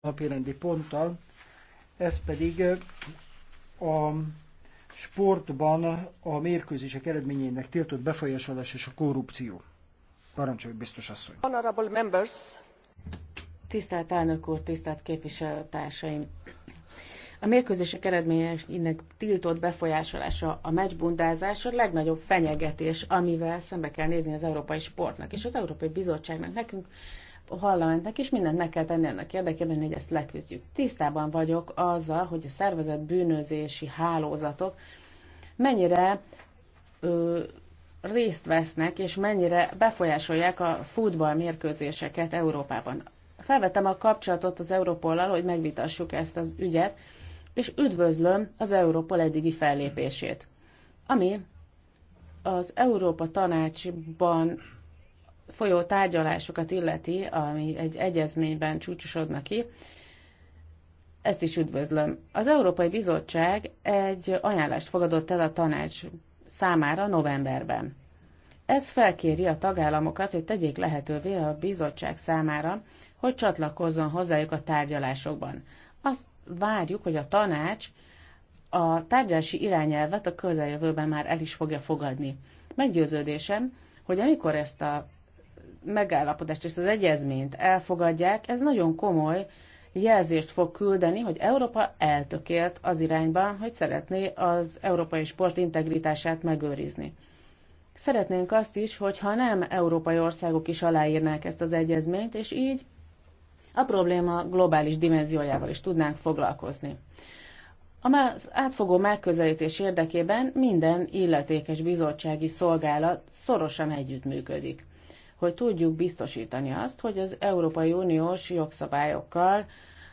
napirendi ponttal, ez pedig a sportban a mérkőzések eredményének tiltott befolyásolás és a korrupció. Parancsoljuk, biztos asszony! Honorable members! Tisztelt elnök úr, tisztelt képviselőtársaim! A mérkőzések eredményeinek tiltott befolyásolása, a meccsbundázás a legnagyobb fenyegetés, amivel szembe kell nézni az európai sportnak. És az Európai Bizottságnak nekünk a parlamentnek is mindent meg kell tenni ennek érdekében, hogy ezt leküzdjük. Tisztában vagyok azzal, hogy a szervezet bűnözési hálózatok mennyire ö, részt vesznek, és mennyire befolyásolják a futballmérkőzéseket Európában. Felvettem a kapcsolatot az Európollal, hogy megvitassuk ezt az ügyet, és üdvözlöm az Európol eddigi fellépését, ami az Európa Tanácsban folyó tárgyalásokat illeti, ami egy egyezményben csúcsosodna ki, ezt is üdvözlöm. Az Európai Bizottság egy ajánlást fogadott el a tanács számára novemberben. Ez felkéri a tagállamokat, hogy tegyék lehetővé a bizottság számára, hogy csatlakozzon hozzájuk a tárgyalásokban. Azt várjuk, hogy a tanács a tárgyalási irányelvet a közeljövőben már el is fogja fogadni. Meggyőződésem, hogy amikor ezt a megállapodást és az egyezményt elfogadják, ez nagyon komoly jelzést fog küldeni, hogy Európa eltökélt az irányban, hogy szeretné az európai sport integritását megőrizni. Szeretnénk azt is, hogyha nem európai országok is aláírnák ezt az egyezményt, és így a probléma globális dimenziójával is tudnánk foglalkozni. Az átfogó megközelítés érdekében minden illetékes bizottsági szolgálat szorosan együttműködik hogy tudjuk biztosítani azt, hogy az Európai Uniós jogszabályokkal,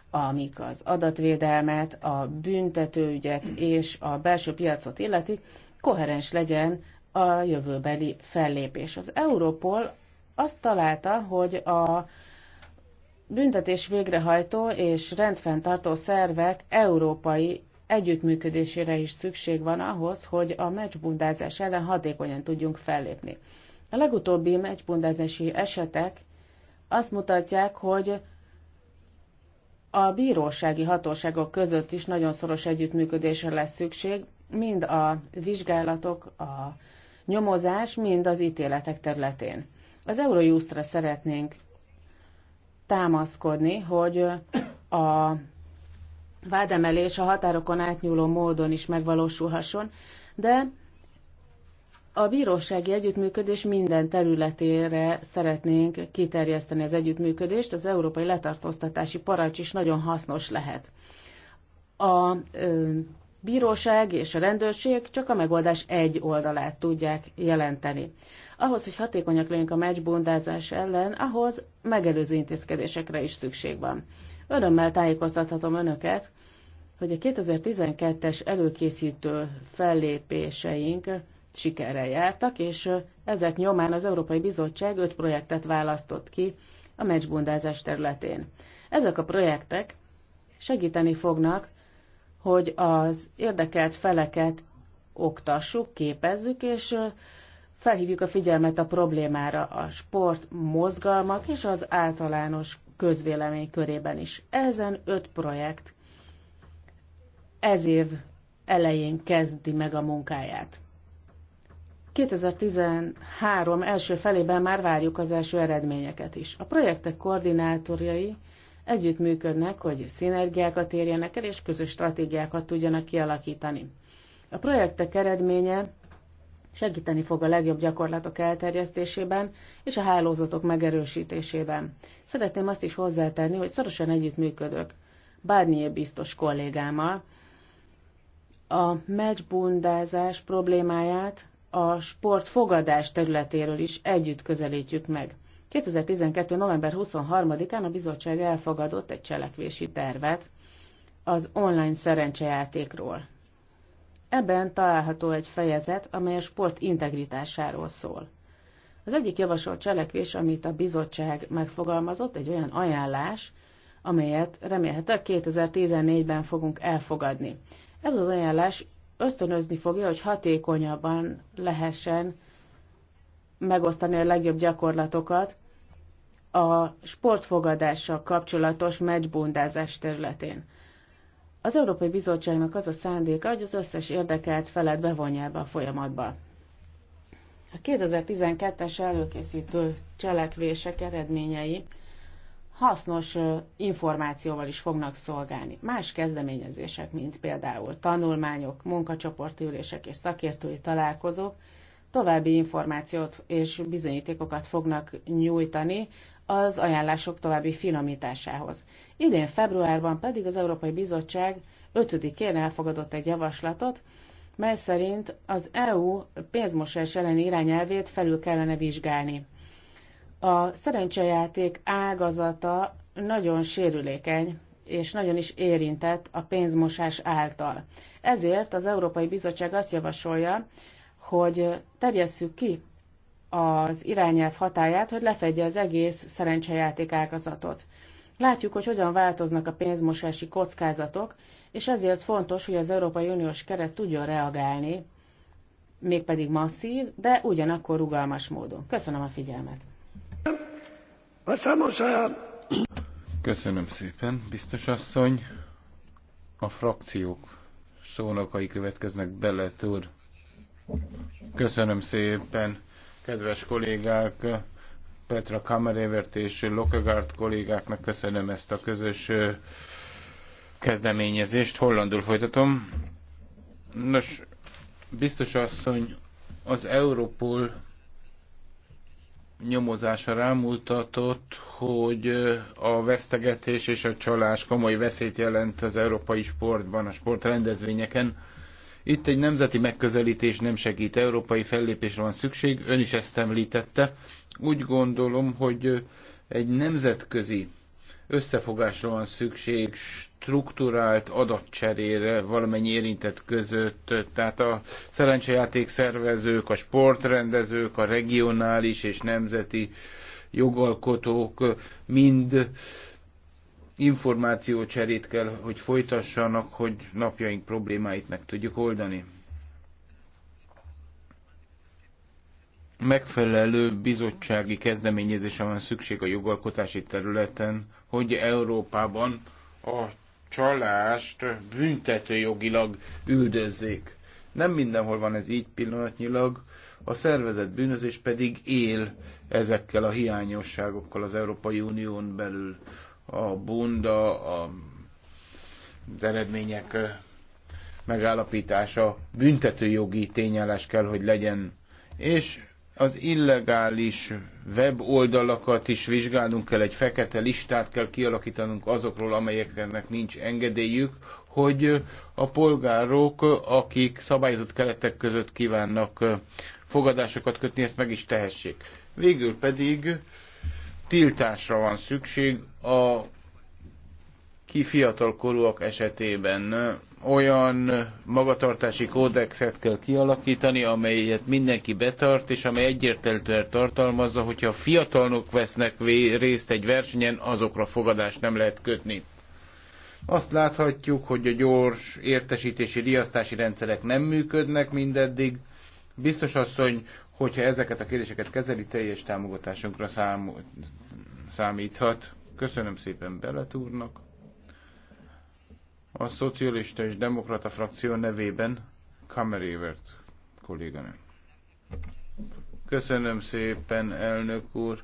amik az adatvédelmet, a büntetőügyet és a belső piacot illeti, koherens legyen a jövőbeli fellépés. Az Európol azt találta, hogy a büntetés végrehajtó és rendfenntartó szervek európai együttműködésére is szükség van ahhoz, hogy a meccsbundázás ellen hatékonyan tudjunk fellépni. A legutóbbi meccsbundázási esetek azt mutatják, hogy a bírósági hatóságok között is nagyon szoros együttműködésre lesz szükség, mind a vizsgálatok, a nyomozás, mind az ítéletek területén. Az Eurojustra szeretnénk támaszkodni, hogy a vádemelés a határokon átnyúló módon is megvalósulhasson, de a bírósági együttműködés minden területére szeretnénk kiterjeszteni az együttműködést, az európai letartóztatási parancs is nagyon hasznos lehet. A ö, bíróság és a rendőrség csak a megoldás egy oldalát tudják jelenteni. Ahhoz, hogy hatékonyak legyünk a meccsbundázás ellen, ahhoz megelőző intézkedésekre is szükség van. Örömmel tájékoztathatom önöket, hogy a 2012-es előkészítő fellépéseink sikerrel jártak, és ezek nyomán az Európai Bizottság öt projektet választott ki a meccsbundázás területén. Ezek a projektek segíteni fognak, hogy az érdekelt feleket oktassuk, képezzük, és felhívjuk a figyelmet a problémára a sport, mozgalmak és az általános közvélemény körében is. Ezen öt projekt ez év elején kezdi meg a munkáját. 2013 első felében már várjuk az első eredményeket is. A projektek koordinátorjai együttműködnek, hogy szinergiákat érjenek el, és közös stratégiákat tudjanak kialakítani. A projektek eredménye segíteni fog a legjobb gyakorlatok elterjesztésében és a hálózatok megerősítésében. Szeretném azt is hozzátenni, hogy szorosan együttműködök Bármilyen biztos kollégámmal. A meccsbundázás problémáját a sport fogadás területéről is együtt közelítjük meg. 2012. november 23-án a bizottság elfogadott egy cselekvési tervet az online szerencsejátékról. Ebben található egy fejezet, amely a sport integritásáról szól. Az egyik javasolt cselekvés, amit a bizottság megfogalmazott, egy olyan ajánlás, amelyet remélhetőleg 2014-ben fogunk elfogadni. Ez az ajánlás ösztönözni fogja, hogy hatékonyabban lehessen megosztani a legjobb gyakorlatokat a sportfogadással kapcsolatos meccsbundázás területén. Az Európai Bizottságnak az a szándéka, hogy az összes érdekelt felet bevonja ebbe a folyamatba. A 2012-es előkészítő cselekvések eredményei hasznos információval is fognak szolgálni. Más kezdeményezések, mint például tanulmányok, munkacsoporti ülések és szakértői találkozók, további információt és bizonyítékokat fognak nyújtani az ajánlások további finomításához. Idén februárban pedig az Európai Bizottság 5-én elfogadott egy javaslatot, mely szerint az EU pénzmosás elleni irányelvét felül kellene vizsgálni. A szerencsejáték ágazata nagyon sérülékeny, és nagyon is érintett a pénzmosás által. Ezért az Európai Bizottság azt javasolja, hogy terjesszük ki az irányelv hatáját, hogy lefedje az egész szerencsejáték ágazatot. Látjuk, hogy hogyan változnak a pénzmosási kockázatok, és ezért fontos, hogy az Európai Uniós keret tudjon reagálni, mégpedig masszív, de ugyanakkor rugalmas módon. Köszönöm a figyelmet! Köszönöm szépen, biztos asszony. A frakciók szónokai következnek bele, úr. Köszönöm szépen, kedves kollégák, Petra Kamerévert és Lokegard kollégáknak köszönöm ezt a közös kezdeményezést. Hollandul folytatom. Nos, biztos asszony, az Europol nyomozása rámutatott, hogy a vesztegetés és a csalás komoly veszélyt jelent az európai sportban, a sportrendezvényeken. Itt egy nemzeti megközelítés nem segít, európai fellépésre van szükség, ön is ezt említette. Úgy gondolom, hogy egy nemzetközi összefogásra van szükség, struktúrált adatcserére valamennyi érintett között, tehát a szerencsejáték szervezők, a sportrendezők, a regionális és nemzeti jogalkotók mind információcserét kell, hogy folytassanak, hogy napjaink problémáit meg tudjuk oldani. megfelelő bizottsági kezdeményezésre van szükség a jogalkotási területen, hogy Európában a csalást büntetőjogilag üldözzék. Nem mindenhol van ez így pillanatnyilag, a szervezett bűnözés pedig él ezekkel a hiányosságokkal az Európai Unión belül. A bunda, a, az eredmények megállapítása büntetőjogi tényállás kell, hogy legyen, és az illegális weboldalakat is vizsgálnunk kell, egy fekete listát kell kialakítanunk azokról, amelyeknek nincs engedélyük, hogy a polgárok, akik szabályozott keretek között kívánnak fogadásokat kötni, ezt meg is tehessék. Végül pedig tiltásra van szükség a ki fiatalkorúak esetében olyan magatartási kódexet kell kialakítani, amelyet mindenki betart, és amely egyértelműen tartalmazza, hogyha fiatalok vesznek részt egy versenyen, azokra fogadást nem lehet kötni. Azt láthatjuk, hogy a gyors értesítési riasztási rendszerek nem működnek mindeddig. Biztos asszony, hogyha ezeket a kérdéseket kezeli, teljes támogatásunkra számít, számíthat. Köszönöm szépen Belet úrnak. A szocialista és demokrata frakció nevében Kamerévert kolléganő. Köszönöm szépen, elnök úr,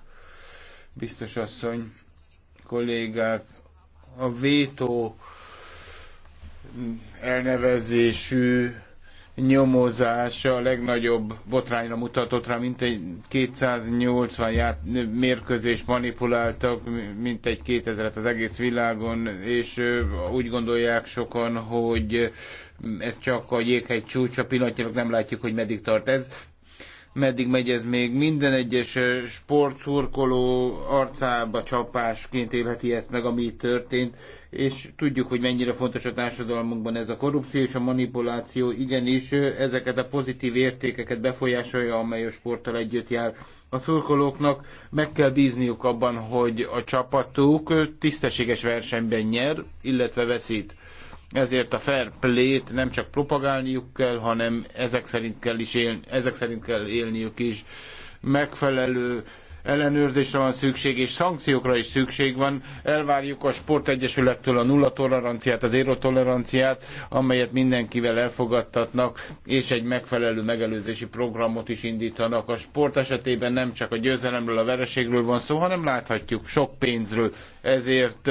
biztos asszony, kollégák. A vétó elnevezésű nyomozása a legnagyobb botrányra mutatott rá, egy 280 ját, mérkőzés manipuláltak, mint egy 2000-et az egész világon, és úgy gondolják sokan, hogy ez csak a jéghegy csúcsa, pillanatnyilag nem látjuk, hogy meddig tart ez meddig megy ez még. Minden egyes sportszurkoló arcába csapásként élheti ezt meg, ami itt történt, és tudjuk, hogy mennyire fontos a társadalmunkban ez a korrupció és a manipuláció. Igenis, ezeket a pozitív értékeket befolyásolja, amely a sporttal együtt jár. A szurkolóknak meg kell bízniuk abban, hogy a csapatuk tisztességes versenyben nyer, illetve veszít ezért a fair play-t nem csak propagálniuk kell, hanem ezek szerint kell, is él, ezek szerint kell élniük is. Megfelelő ellenőrzésre van szükség, és szankciókra is szükség van. Elvárjuk a sportegyesülettől a nulla toleranciát, az éro toleranciát, amelyet mindenkivel elfogadtatnak, és egy megfelelő megelőzési programot is indítanak. A sport esetében nem csak a győzelemről, a vereségről van szó, hanem láthatjuk sok pénzről. Ezért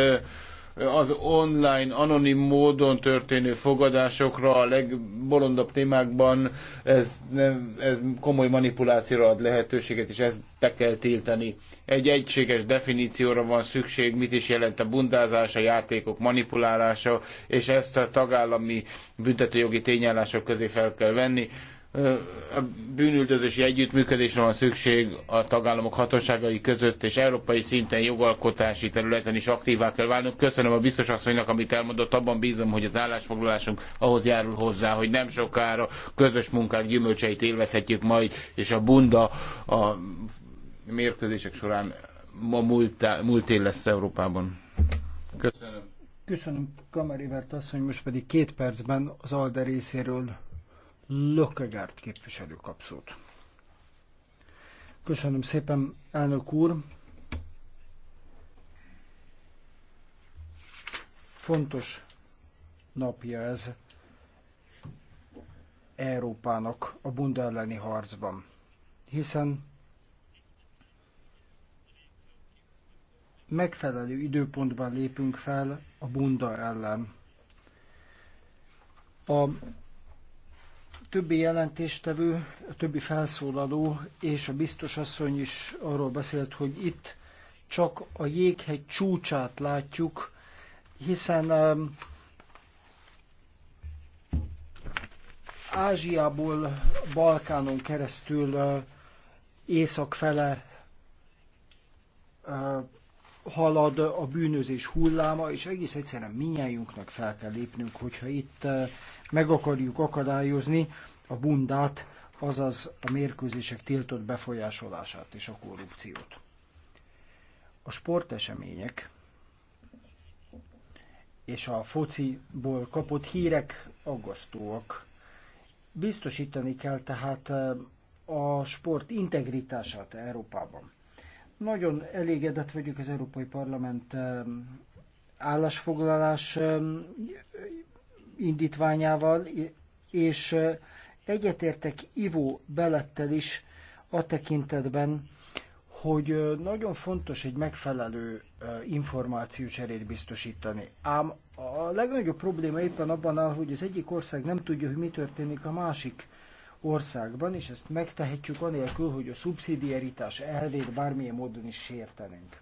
az online, anonim módon történő fogadásokra a legbolondabb témákban ez, nem, ez komoly manipulációra ad lehetőséget, és ezt be kell tiltani. Egy egységes definícióra van szükség, mit is jelent a bundázás, a játékok manipulálása, és ezt a tagállami büntetőjogi tényállások közé fel kell venni a bűnüldözési együttműködésre van szükség a tagállamok hatóságai között, és európai szinten jogalkotási területen is aktívá kell válnunk. Köszönöm a biztos asszonynak, amit elmondott, abban bízom, hogy az állásfoglalásunk ahhoz járul hozzá, hogy nem sokára közös munkák gyümölcseit élvezhetjük majd, és a bunda a mérkőzések során ma múlt, múlté lesz Európában. Köszönöm. Köszönöm, Kamerivert asszony, most pedig két percben az Alde részéről Lökegárt képviselő kapszót. Köszönöm szépen, elnök úr! Fontos napja ez Európának a bunda elleni harcban, hiszen megfelelő időpontban lépünk fel a bunda ellen. A többi jelentéstevő, a többi felszólaló és a biztos asszony is arról beszélt, hogy itt csak a jéghegy csúcsát látjuk, hiszen um, Ázsiából Balkánon keresztül uh, észak fele uh, halad a bűnözés hulláma, és egész egyszerűen minnyájunknak fel kell lépnünk, hogyha itt eh, meg akarjuk akadályozni a bundát, azaz a mérkőzések tiltott befolyásolását és a korrupciót. A sportesemények és a fociból kapott hírek aggasztóak. Biztosítani kell tehát eh, a sport integritását Európában. Nagyon elégedett vagyok az Európai Parlament um, állásfoglalás um, indítványával, és uh, egyetértek ivó Belettel is a tekintetben, hogy uh, nagyon fontos egy megfelelő uh, információcserét biztosítani. Ám a legnagyobb probléma éppen abban áll, hogy az egyik ország nem tudja, hogy mi történik a másik országban, és ezt megtehetjük anélkül, hogy a szubszidiaritás elvét bármilyen módon is sértenénk.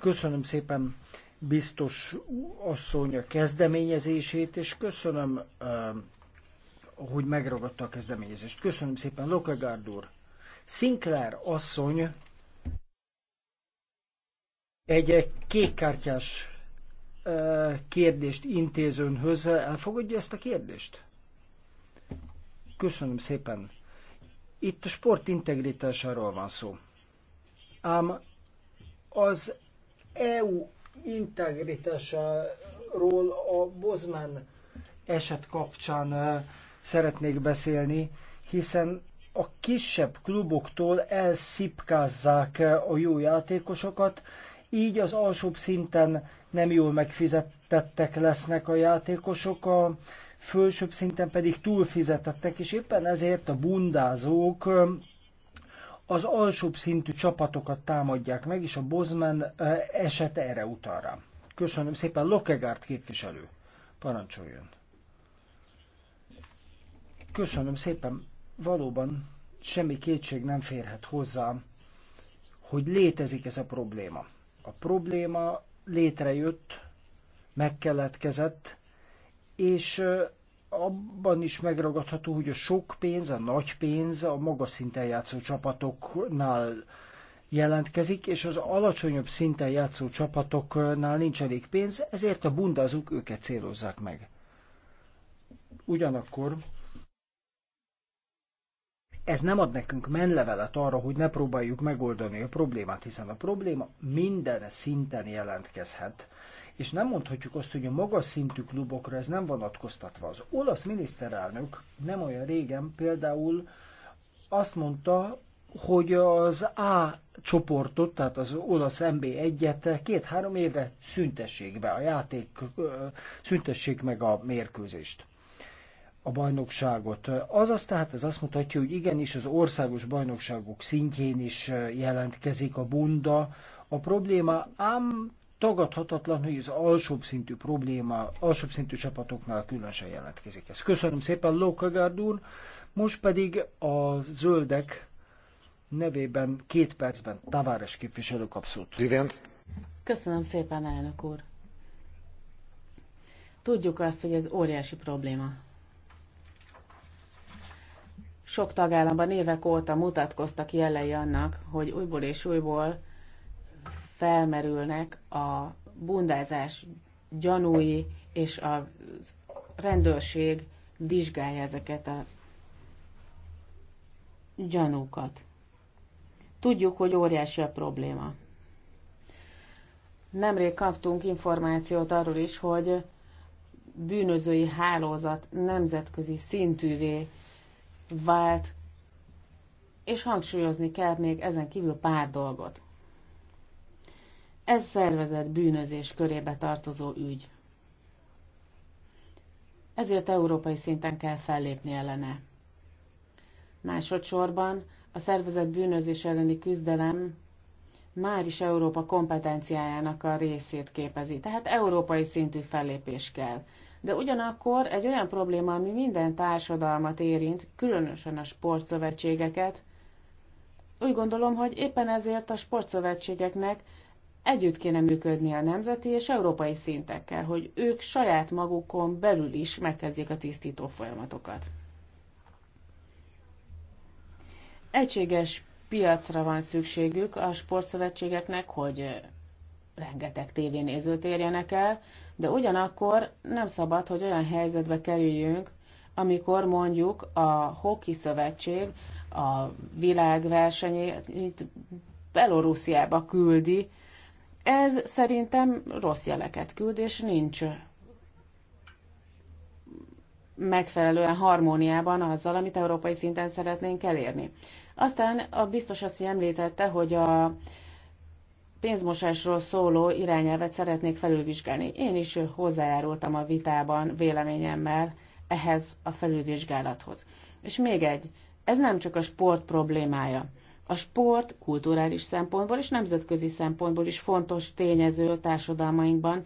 Köszönöm szépen biztos asszony a kezdeményezését, és köszönöm, eh, hogy megragadta a kezdeményezést. Köszönöm szépen, Lokegárd úr. Sinclair asszony egy kékkártyás eh, kérdést intézőnhöz. Elfogadja ezt a kérdést? Köszönöm szépen. Itt a sport integritásáról van szó. Ám az EU integritásáról a Bozman eset kapcsán szeretnék beszélni, hiszen a kisebb kluboktól elszipkázzák a jó játékosokat, így az alsóbb szinten nem jól megfizettettek lesznek a játékosok, a fölsőbb szinten pedig túlfizetettek, és éppen ezért a bundázók az alsóbb szintű csapatokat támadják meg, és a Bozman esete erre utal rá. Köszönöm szépen, Lokegárt képviselő. Parancsoljon. Köszönöm szépen. Valóban semmi kétség nem férhet hozzá, hogy létezik ez a probléma. A probléma létrejött, megkeletkezett, és abban is megragadható, hogy a sok pénz, a nagy pénz a magas szinten játszó csapatoknál jelentkezik, és az alacsonyabb szinten játszó csapatoknál nincs elég pénz, ezért a bundázók őket célozzák meg. Ugyanakkor ez nem ad nekünk menlevelet arra, hogy ne próbáljuk megoldani a problémát, hiszen a probléma minden szinten jelentkezhet és nem mondhatjuk azt, hogy a magas szintű klubokra ez nem vonatkoztatva. Az olasz miniszterelnök nem olyan régen például azt mondta, hogy az A csoportot, tehát az olasz MB1-et két-három évre szüntessék be a játék, szüntessék meg a mérkőzést a bajnokságot. Azaz tehát ez azt mutatja, hogy igenis az országos bajnokságok szintjén is jelentkezik a bunda, a probléma, ám tagadhatatlan, hogy az alsóbb szintű probléma, alsóbb szintű csapatoknál különösen jelentkezik ez. Köszönöm szépen, Lókagárd úr. Most pedig a zöldek nevében két percben Taváres képviselő kap szót. Köszönöm szépen, elnök úr. Tudjuk azt, hogy ez óriási probléma. Sok tagállamban évek óta mutatkoztak jelei annak, hogy újból és újból felmerülnek a bundázás gyanúi, és a rendőrség vizsgálja ezeket a gyanúkat. Tudjuk, hogy óriási a probléma. Nemrég kaptunk információt arról is, hogy bűnözői hálózat nemzetközi szintűvé vált, és hangsúlyozni kell még ezen kívül pár dolgot. Ez szervezett bűnözés körébe tartozó ügy. Ezért európai szinten kell fellépni ellene. Másodszorban a szervezett bűnözés elleni küzdelem már is Európa kompetenciájának a részét képezi. Tehát európai szintű fellépés kell. De ugyanakkor egy olyan probléma, ami minden társadalmat érint, különösen a sportszövetségeket, úgy gondolom, hogy éppen ezért a sportszövetségeknek Együtt kéne működni a nemzeti és európai szintekkel, hogy ők saját magukon belül is megkezdjék a tisztító folyamatokat. Egységes piacra van szükségük a sportszövetségeknek, hogy rengeteg tévénézőt érjenek el, de ugyanakkor nem szabad, hogy olyan helyzetbe kerüljünk, amikor mondjuk a hoki szövetség a világversenyét Belorussziába küldi, ez szerintem rossz jeleket küld, és nincs megfelelően harmóniában azzal, amit európai szinten szeretnénk elérni. Aztán a biztos azt említette, hogy a pénzmosásról szóló irányelvet szeretnék felülvizsgálni. Én is hozzájárultam a vitában véleményemmel ehhez a felülvizsgálathoz. És még egy, ez nem csak a sport problémája. A sport kulturális szempontból és nemzetközi szempontból is fontos tényező a társadalmainkban.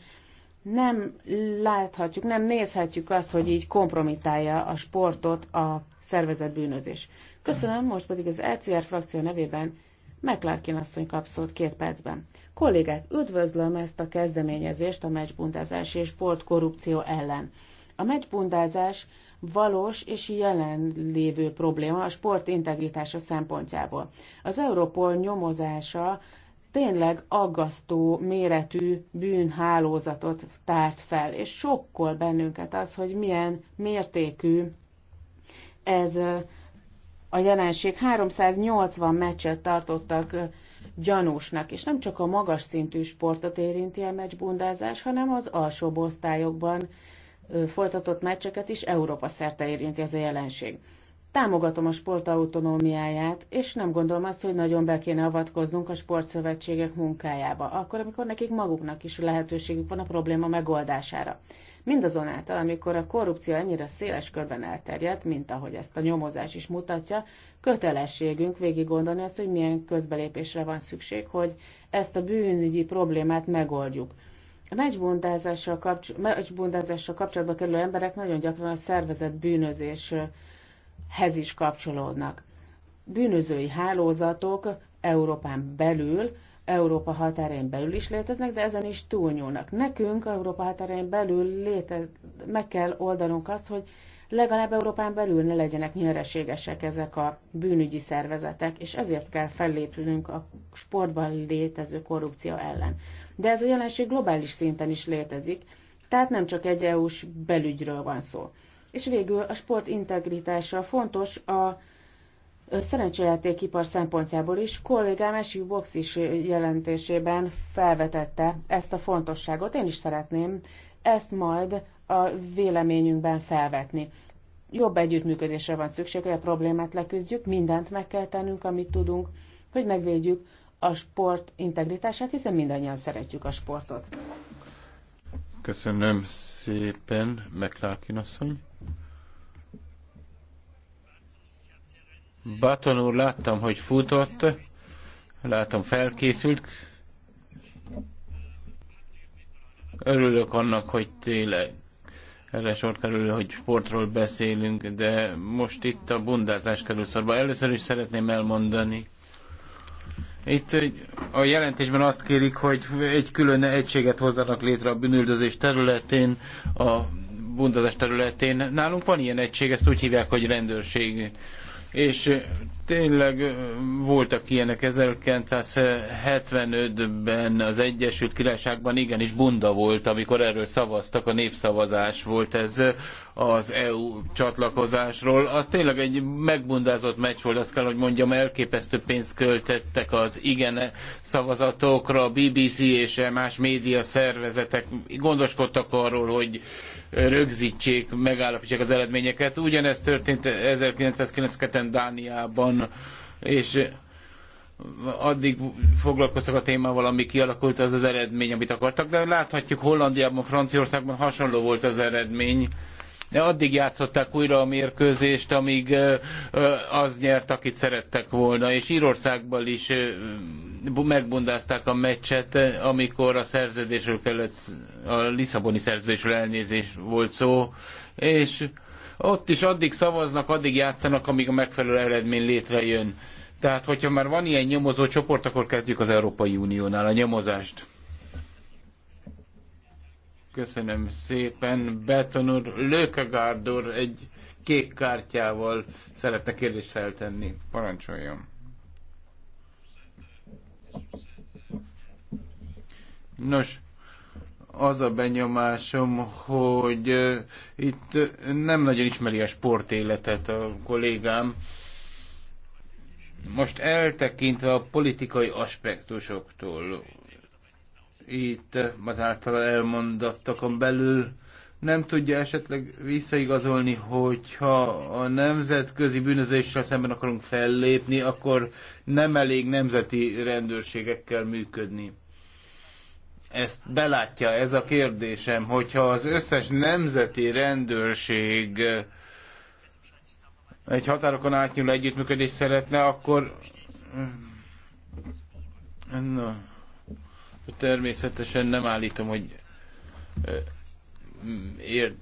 Nem láthatjuk, nem nézhetjük azt, hogy így kompromitálja a sportot a szervezett bűnözés. Köszönöm, most pedig az LCR e frakció nevében McClarkin asszony kap szót két percben. Kollégák, üdvözlöm ezt a kezdeményezést a meccsbundázás és sportkorrupció ellen. A meccsbundázás valós és jelenlévő probléma a sport integritása szempontjából. Az Európol nyomozása tényleg aggasztó méretű bűnhálózatot tárt fel, és sokkol bennünket az, hogy milyen mértékű ez a jelenség. 380 meccset tartottak gyanúsnak, és nem csak a magas szintű sportot érinti a meccsbundázás, hanem az alsóbb osztályokban folytatott meccseket is Európa szerte érinti ez a jelenség. Támogatom a sport autonómiáját, és nem gondolom azt, hogy nagyon be kéne avatkoznunk a sportszövetségek munkájába, akkor, amikor nekik maguknak is lehetőségük van a probléma megoldására. Mindazonáltal, amikor a korrupció ennyire széles körben elterjedt, mint ahogy ezt a nyomozás is mutatja, kötelességünk végig gondolni azt, hogy milyen közbelépésre van szükség, hogy ezt a bűnügyi problémát megoldjuk. A meccsbondázással, kapcs- kapcsolatba kerülő emberek nagyon gyakran a szervezet bűnözéshez is kapcsolódnak. Bűnözői hálózatok Európán belül, Európa határain belül is léteznek, de ezen is túlnyúlnak. Nekünk Európa határain belül léte- meg kell oldanunk azt, hogy legalább Európán belül ne legyenek nyereségesek ezek a bűnügyi szervezetek, és ezért kell fellépnünk a sportban létező korrupció ellen de ez a jelenség globális szinten is létezik, tehát nem csak egy EU-s belügyről van szó. És végül a sport integritása fontos a szerencsejátékipar szempontjából is. Kollégám Esi Box is jelentésében felvetette ezt a fontosságot. Én is szeretném ezt majd a véleményünkben felvetni. Jobb együttműködésre van szükség, hogy a problémát leküzdjük, mindent meg kell tennünk, amit tudunk, hogy megvédjük a sport integritását, hiszen mindannyian szeretjük a sportot. Köszönöm szépen, Meklákin asszony. Baton úr, láttam, hogy futott, látom felkészült. Örülök annak, hogy tényleg erre sor kerül, hogy sportról beszélünk, de most itt a bundázás kerül szorba. Először is szeretném elmondani, itt a jelentésben azt kérik, hogy egy külön egységet hozzanak létre a bűnüldözés területén, a bundazás területén. Nálunk van ilyen egység, ezt úgy hívják, hogy rendőrség. És Tényleg voltak ilyenek 1975-ben az Egyesült Királyságban, igenis bunda volt, amikor erről szavaztak, a népszavazás volt ez az EU csatlakozásról. Az tényleg egy megbundázott meccs volt, azt kell, hogy mondjam, elképesztő pénzt költettek az igen szavazatokra, a BBC és más média szervezetek gondoskodtak arról, hogy rögzítsék, megállapítsák az eredményeket. Ugyanezt történt 1992-ben Dániában, volna, és addig foglalkoztak a témával, ami kialakult, az az eredmény, amit akartak, de láthatjuk Hollandiában, Franciaországban hasonló volt az eredmény. De addig játszották újra a mérkőzést, amíg az nyert, akit szerettek volna, és Írországban is megbundázták a meccset, amikor a szerződésről kellett, a Lisszaboni szerződésről elnézés volt szó, és ott is addig szavaznak, addig játszanak, amíg a megfelelő eredmény létrejön. Tehát, hogyha már van ilyen nyomozó csoport, akkor kezdjük az Európai Uniónál a nyomozást. Köszönöm szépen. Beton úr, úr egy kék kártyával szeretne kérdést feltenni. Parancsoljon. Nos, az a benyomásom, hogy itt nem nagyon ismeri a sportéletet a kollégám. Most eltekintve a politikai aspektusoktól, itt az általa elmondattakon belül nem tudja esetleg visszaigazolni, hogyha a nemzetközi bűnözéssel szemben akarunk fellépni, akkor nem elég nemzeti rendőrségekkel működni ezt belátja ez a kérdésem, hogyha az összes nemzeti rendőrség egy határokon átnyúló együttműködést szeretne, akkor mm, na, természetesen nem állítom, hogy mm, ért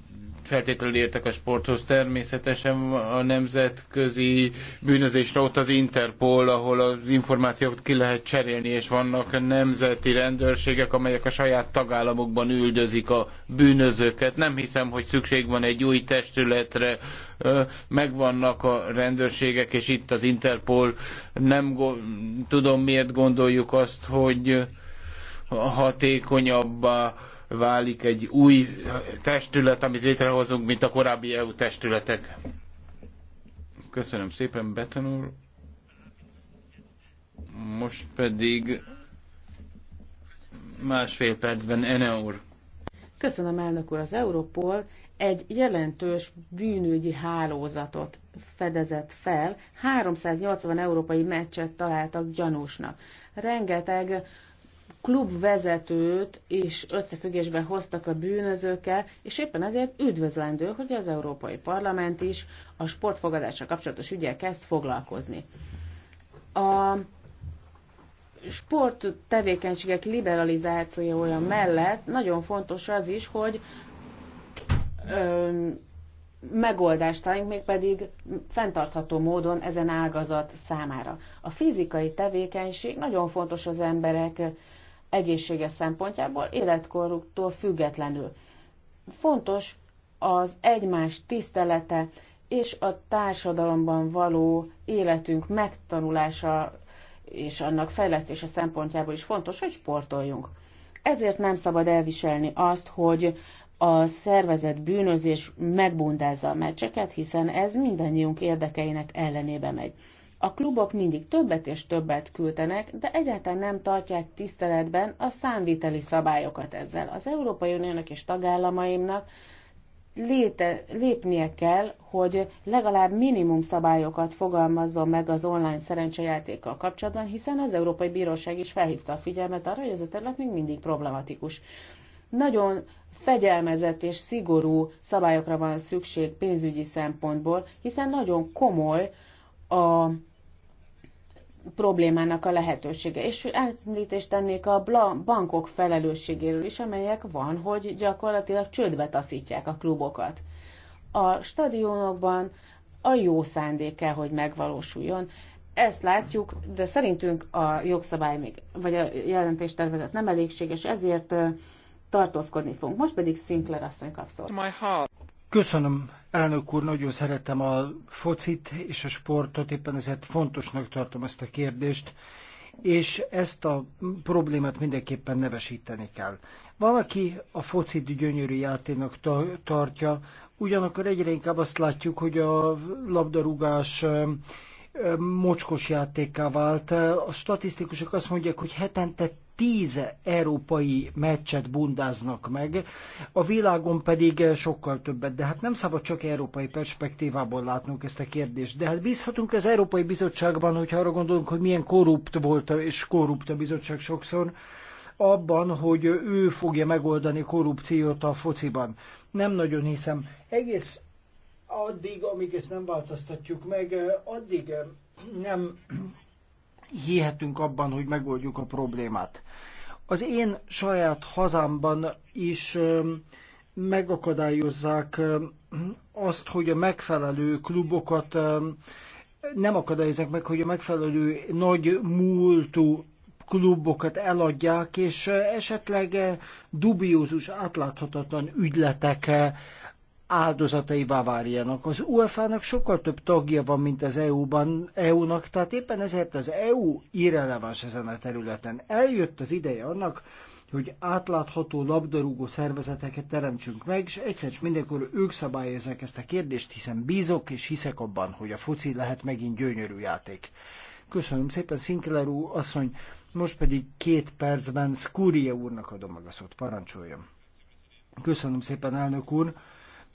feltétlenül értek a sporthoz. Természetesen a nemzetközi bűnözésre ott az Interpol, ahol az információkat ki lehet cserélni, és vannak nemzeti rendőrségek, amelyek a saját tagállamokban üldözik a bűnözőket. Nem hiszem, hogy szükség van egy új testületre. Megvannak a rendőrségek, és itt az Interpol. Nem tudom, miért gondoljuk azt, hogy hatékonyabbá válik egy új testület, amit létrehozunk, mint a korábbi EU testületek. Köszönöm szépen, Beton úr. Most pedig másfél percben Ene úr. Köszönöm, elnök úr. Az Europol egy jelentős bűnügyi hálózatot fedezett fel, 380 európai meccset találtak gyanúsnak. Rengeteg klubvezetőt is összefüggésben hoztak a bűnözőkkel, és éppen ezért üdvözlendő, hogy az Európai Parlament is a sportfogadásra kapcsolatos ügyel kezd foglalkozni. A sport tevékenységek liberalizációja olyan mellett nagyon fontos az is, hogy ö, megoldást találjunk, mégpedig fenntartható módon ezen ágazat számára. A fizikai tevékenység nagyon fontos az emberek egészsége szempontjából, életkoruktól függetlenül. Fontos az egymás tisztelete és a társadalomban való életünk megtanulása és annak fejlesztése szempontjából is fontos, hogy sportoljunk. Ezért nem szabad elviselni azt, hogy a szervezet bűnözés megbundázza a meccseket, hiszen ez mindannyiunk érdekeinek ellenébe megy. A klubok mindig többet és többet küldenek, de egyáltalán nem tartják tiszteletben a számviteli szabályokat ezzel. Az Európai Uniónak és tagállamaimnak léte, lépnie kell, hogy legalább minimum szabályokat fogalmazzon meg az online szerencsejátékkal kapcsolatban, hiszen az Európai Bíróság is felhívta a figyelmet arra, hogy ez a terület még mindig problematikus. Nagyon fegyelmezett és szigorú szabályokra van szükség pénzügyi szempontból, hiszen nagyon komoly a problémának a lehetősége. És említést tennék a bankok felelősségéről is, amelyek van, hogy gyakorlatilag csődbe taszítják a klubokat. A stadionokban a jó szándék kell, hogy megvalósuljon. Ezt látjuk, de szerintünk a jogszabály még, vagy a jelentéstervezet nem elégséges, ezért tartózkodni fogunk. Most pedig Sinclair asszony kapszol. Köszönöm, elnök úr, nagyon szeretem a focit és a sportot, éppen ezért fontosnak tartom ezt a kérdést, és ezt a problémát mindenképpen nevesíteni kell. Valaki a focit gyönyörű játéknak ta- tartja, ugyanakkor egyre inkább azt látjuk, hogy a labdarúgás mocskos játékká vált. A statisztikusok azt mondják, hogy hetente tíz európai meccset bundáznak meg, a világon pedig sokkal többet. De hát nem szabad csak európai perspektívából látnunk ezt a kérdést. De hát bízhatunk az Európai Bizottságban, hogyha arra gondolunk, hogy milyen korrupt volt és korrupt a bizottság sokszor, abban, hogy ő fogja megoldani korrupciót a fociban. Nem nagyon hiszem. Egész addig, amíg ezt nem változtatjuk meg, addig eh, nem hihetünk abban, hogy megoldjuk a problémát. Az én saját hazámban is megakadályozzák azt, hogy a megfelelő klubokat nem akadályozzák meg, hogy a megfelelő nagy múltú klubokat eladják, és esetleg dubiózus, átláthatatlan ügyletek áldozataivá várjanak. Az UEFA-nak sokkal több tagja van, mint az EU-ban, EU-nak, tehát éppen ezért az EU irreleváns ezen a területen. Eljött az ideje annak, hogy átlátható labdarúgó szervezeteket teremtsünk meg, és egyszer és mindenkor ők szabályozzák ezt a kérdést, hiszen bízok és hiszek abban, hogy a foci lehet megint gyönyörű játék. Köszönöm szépen, Sinclair úr, asszony, most pedig két percben Skúria úrnak adom meg a szót, parancsoljam. Köszönöm szépen, elnök úr.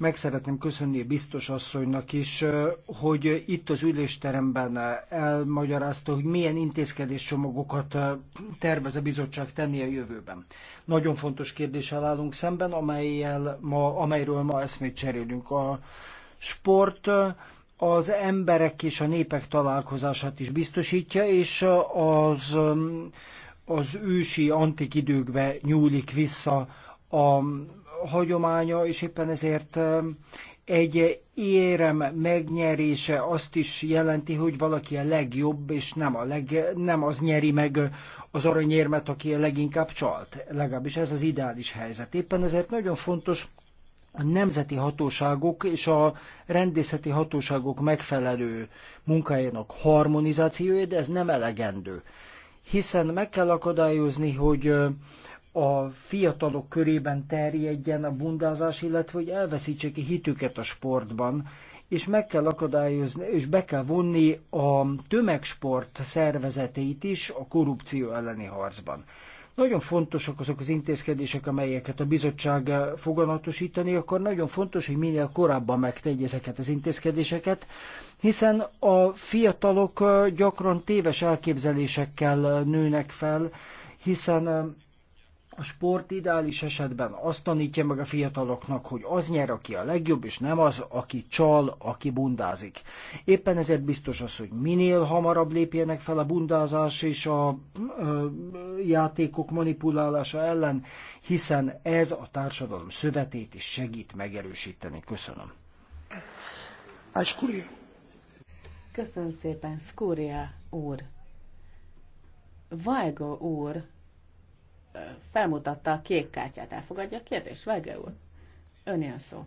Meg szeretném köszönni a biztos asszonynak is, hogy itt az ülésteremben elmagyarázta, hogy milyen intézkedéscsomagokat tervez a bizottság tenni a jövőben. Nagyon fontos kérdéssel állunk szemben, amelyel ma, amelyről ma eszmét cserélünk. A sport az emberek és a népek találkozását is biztosítja, és az, az ősi antik időkbe nyúlik vissza a hagyománya, és éppen ezért um, egy érem megnyerése azt is jelenti, hogy valaki a legjobb, és nem, a leg, nem az nyeri meg az aranyérmet, aki a leginkább csalt. Legalábbis ez az ideális helyzet. Éppen ezért nagyon fontos a nemzeti hatóságok és a rendészeti hatóságok megfelelő munkájának harmonizációja, de ez nem elegendő. Hiszen meg kell akadályozni, hogy a fiatalok körében terjedjen a bundázás, illetve hogy elveszítsék a hitüket a sportban, és meg kell akadályozni, és be kell vonni a tömegsport szervezeteit is a korrupció elleni harcban. Nagyon fontosak azok az intézkedések, amelyeket a bizottság foganatosítani, akkor nagyon fontos, hogy minél korábban megtegye ezeket az intézkedéseket, hiszen a fiatalok gyakran téves elképzelésekkel nőnek fel, hiszen a sport ideális esetben azt tanítja meg a fiataloknak, hogy az nyer, aki a legjobb, és nem az, aki csal, aki bundázik. Éppen ezért biztos az, hogy minél hamarabb lépjenek fel a bundázás és a ö, játékok manipulálása ellen, hiszen ez a társadalom szövetét is segít megerősíteni. Köszönöm. Köszönöm szépen, Skúria úr. Vajgo úr felmutatta a kék kártyát. Elfogadja a kérdést? Vege úr, ilyen szó.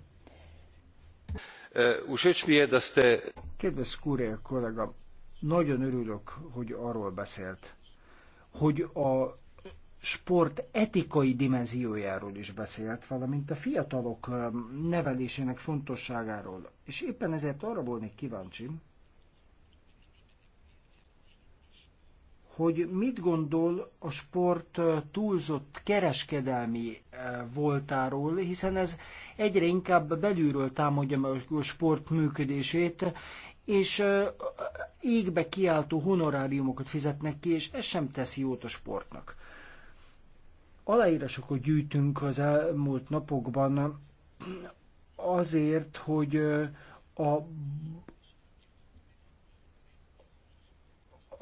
Eh, Kedves Kúrél kollega, nagyon örülök, hogy arról beszélt, hogy a sport etikai dimenziójáról is beszélt, valamint a fiatalok eh, nevelésének fontosságáról. És éppen ezért arra volnék kíváncsi, hogy mit gondol a sport túlzott kereskedelmi voltáról, hiszen ez egyre inkább belülről támadja meg a sport működését, és égbe kiáltó honoráriumokat fizetnek ki, és ez sem teszi jót a sportnak. Aláírásokat gyűjtünk az elmúlt napokban azért, hogy a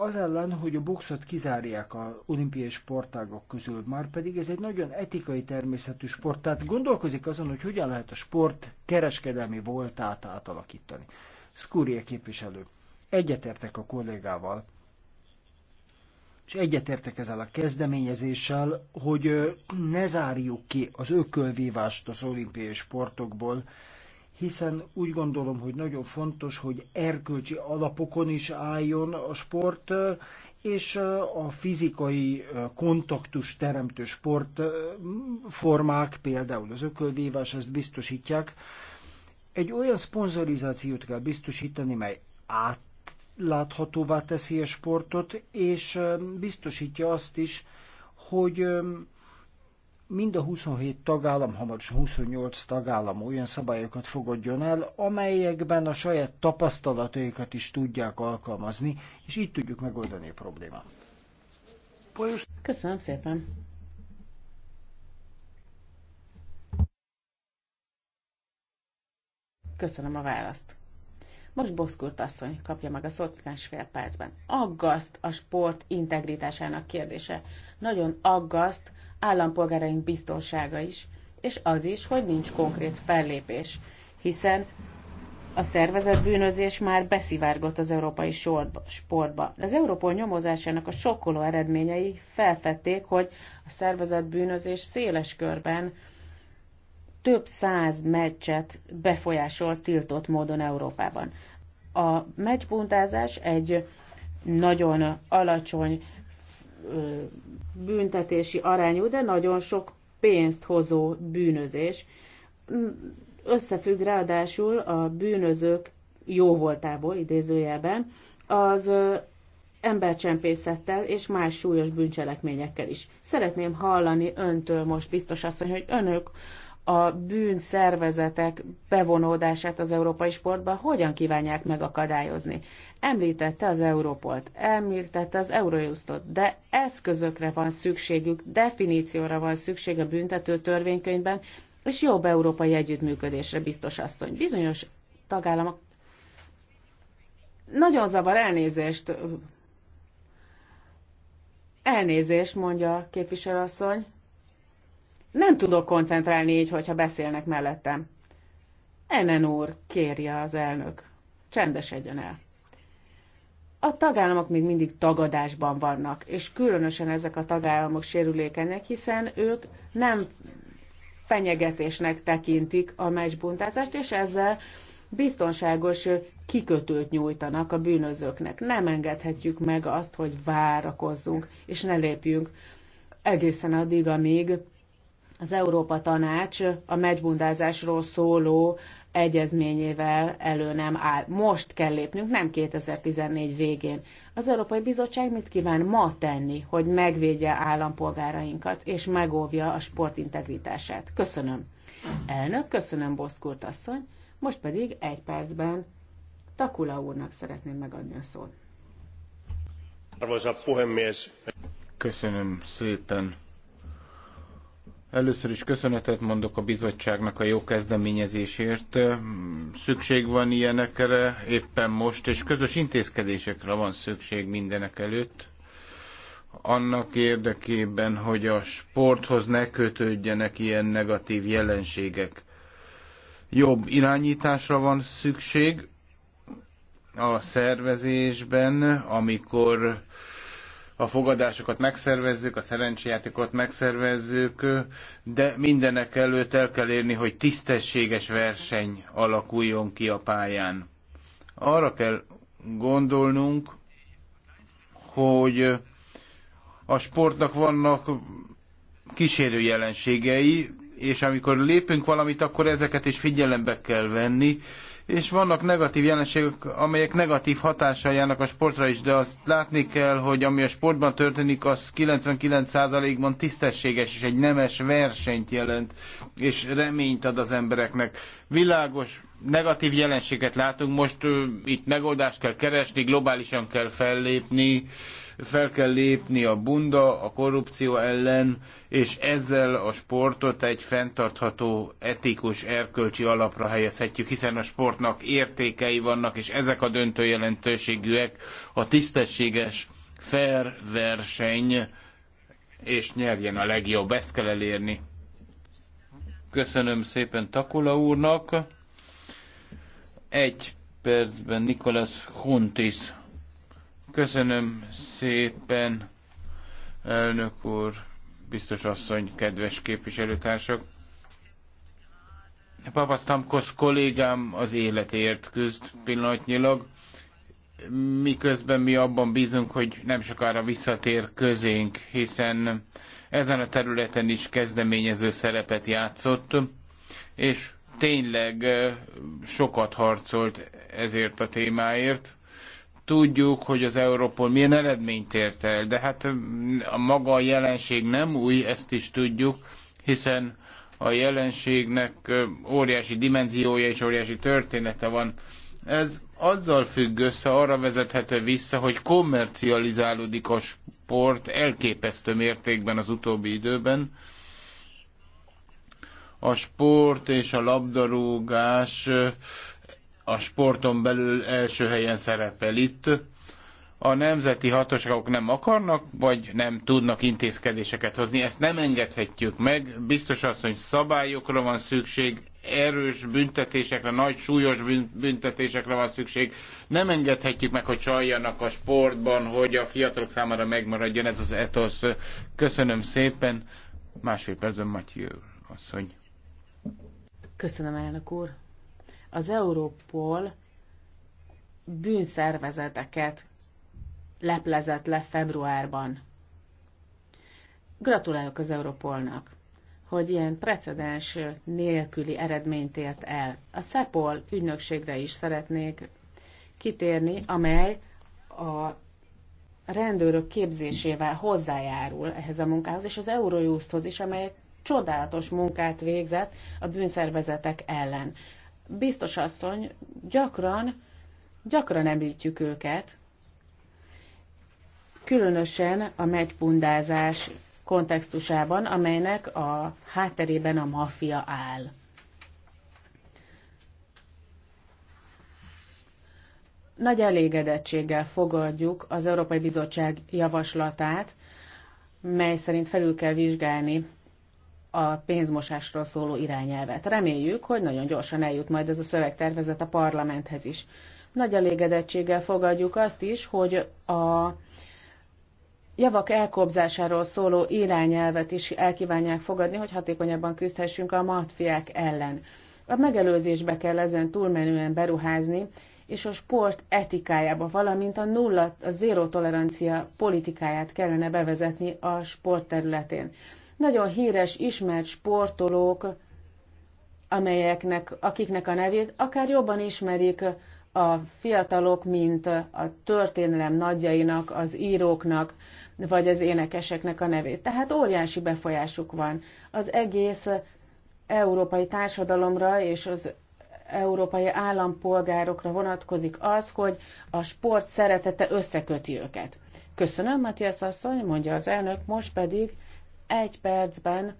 az ellen, hogy a boxot kizárják a olimpiai sportágok közül, már pedig ez egy nagyon etikai természetű sport, tehát gondolkozik azon, hogy hogyan lehet a sport kereskedelmi voltát átalakítani. Skúria képviselő, egyetértek a kollégával, és egyetértek ezzel a kezdeményezéssel, hogy ne zárjuk ki az ökölvívást az olimpiai sportokból, hiszen úgy gondolom, hogy nagyon fontos, hogy erkölcsi alapokon is álljon a sport, és a fizikai kontaktus teremtő sportformák, például az ökölvívás, ezt biztosítják. Egy olyan szponzorizációt kell biztosítani, mely átláthatóvá teszi a sportot, és biztosítja azt is, hogy mind a 27 tagállam, hamarosan 28 tagállam olyan szabályokat fogadjon el, amelyekben a saját tapasztalataikat is tudják alkalmazni, és így tudjuk megoldani a problémát. Köszönöm szépen! Köszönöm a választ. Most Boszkult asszony kapja meg a szót másfél percben. Aggaszt a sport integritásának kérdése. Nagyon aggaszt, állampolgáraink biztonsága is, és az is, hogy nincs konkrét fellépés, hiszen a szervezett bűnözés már beszivárgott az európai sportba. Az Európol nyomozásának a sokkoló eredményei felfedték, hogy a szervezett bűnözés széles körben több száz meccset befolyásolt tiltott módon Európában. A meccsbuntázás egy nagyon alacsony büntetési arányú, de nagyon sok pénzt hozó bűnözés. Mm, összefügg ráadásul a bűnözők jóvoltából, idézőjelben, az embercsempészettel és más súlyos bűncselekményekkel is. Szeretném hallani öntől most, biztos asszony, hogy önök a bűnszervezetek bevonódását az európai sportba hogyan kívánják megakadályozni. Említette az Európolt, említette az Eurojustot, de eszközökre van szükségük, definícióra van szükség a büntető törvénykönyvben, és jobb európai együttműködésre, biztos asszony. Bizonyos tagállamok nagyon zavar elnézést. Elnézést, mondja a képviselőasszony. Nem tudok koncentrálni így, hogyha beszélnek mellettem. Enen úr, kérje az elnök. Csendesedjen el. A tagállamok még mindig tagadásban vannak, és különösen ezek a tagállamok sérülékenyek, hiszen ők nem fenyegetésnek tekintik a meccsbuntázást, és ezzel biztonságos kikötőt nyújtanak a bűnözőknek. Nem engedhetjük meg azt, hogy várakozzunk, és ne lépjünk egészen addig, amíg az Európa Tanács a megybundázásról szóló egyezményével elő nem áll. Most kell lépnünk, nem 2014 végén. Az Európai Bizottság mit kíván ma tenni, hogy megvédje állampolgárainkat és megóvja a sport integritását? Köszönöm. Elnök, köszönöm Boszkurt asszony, most pedig egy percben Takula úrnak szeretném megadni a szót. Arvoisa puhemies. Köszönöm szépen, Először is köszönetet mondok a bizottságnak a jó kezdeményezésért. Szükség van ilyenekre éppen most, és közös intézkedésekre van szükség mindenek előtt. Annak érdekében, hogy a sporthoz ne kötődjenek ilyen negatív jelenségek. Jobb irányításra van szükség a szervezésben, amikor a fogadásokat megszervezzük, a szerencsejátékot megszervezzük, de mindenek előtt el kell érni, hogy tisztességes verseny alakuljon ki a pályán. Arra kell gondolnunk, hogy a sportnak vannak kísérő jelenségei, és amikor lépünk valamit, akkor ezeket is figyelembe kell venni, és vannak negatív jelenségek, amelyek negatív hatással járnak a sportra is, de azt látni kell, hogy ami a sportban történik, az 99%-ban tisztességes és egy nemes versenyt jelent, és reményt ad az embereknek. Világos negatív jelenséget látunk, most uh, itt megoldást kell keresni, globálisan kell fellépni, fel kell lépni a bunda, a korrupció ellen, és ezzel a sportot egy fenntartható, etikus, erkölcsi alapra helyezhetjük, hiszen a sportnak értékei vannak, és ezek a döntő jelentőségűek, a tisztességes, fair verseny, és nyerjen a legjobb, ezt kell elérni. Köszönöm szépen Takula úrnak. Egy percben Nikolas Huntis. Köszönöm szépen, elnök úr, biztos asszony, kedves képviselőtársak. Papasztamkos kollégám az életért küzd pillanatnyilag, miközben mi abban bízunk, hogy nem sokára visszatér közénk, hiszen ezen a területen is kezdeményező szerepet játszott, és tényleg sokat harcolt ezért a témáért. Tudjuk, hogy az Európol milyen eredményt ért el, de hát a maga a jelenség nem új, ezt is tudjuk, hiszen a jelenségnek óriási dimenziója és óriási története van. Ez azzal függ össze, arra vezethető vissza, hogy kommercializálódik a sport elképesztő mértékben az utóbbi időben, a sport és a labdarúgás a sporton belül első helyen szerepel itt. A nemzeti hatóságok nem akarnak, vagy nem tudnak intézkedéseket hozni. Ezt nem engedhetjük meg. Biztos az, hogy szabályokra van szükség, erős büntetésekre, nagy súlyos büntetésekre van szükség. Nem engedhetjük meg, hogy csaljanak a sportban, hogy a fiatalok számára megmaradjon ez az etosz. Köszönöm szépen. Másfél percben Matyő asszony. Köszönöm, elnök úr. Az Európol bűnszervezeteket leplezett le februárban. Gratulálok az Európolnak, hogy ilyen precedens nélküli eredményt ért el. A CEPOL ügynökségre is szeretnék kitérni, amely a rendőrök képzésével hozzájárul ehhez a munkához, és az Eurojusthoz is, amelyek csodálatos munkát végzett a bűnszervezetek ellen. Biztos asszony, gyakran, gyakran említjük őket, különösen a meccsbundázás kontextusában, amelynek a hátterében a maffia áll. Nagy elégedettséggel fogadjuk az Európai Bizottság javaslatát, mely szerint felül kell vizsgálni a pénzmosásról szóló irányelvet. Reméljük, hogy nagyon gyorsan eljut majd ez a szövegtervezet a parlamenthez is. Nagy elégedettséggel fogadjuk azt is, hogy a javak elkobzásáról szóló irányelvet is elkívánják fogadni, hogy hatékonyabban küzdhessünk a matfiák ellen. A megelőzésbe kell ezen túlmenően beruházni, és a sport etikájába, valamint a nulla, a zéró tolerancia politikáját kellene bevezetni a sport területén nagyon híres, ismert sportolók, amelyeknek, akiknek a nevét akár jobban ismerik a fiatalok, mint a történelem nagyjainak, az íróknak, vagy az énekeseknek a nevét. Tehát óriási befolyásuk van az egész európai társadalomra és az európai állampolgárokra vonatkozik az, hogy a sport szeretete összeköti őket. Köszönöm, Matthias asszony, mondja az elnök, most pedig egy percben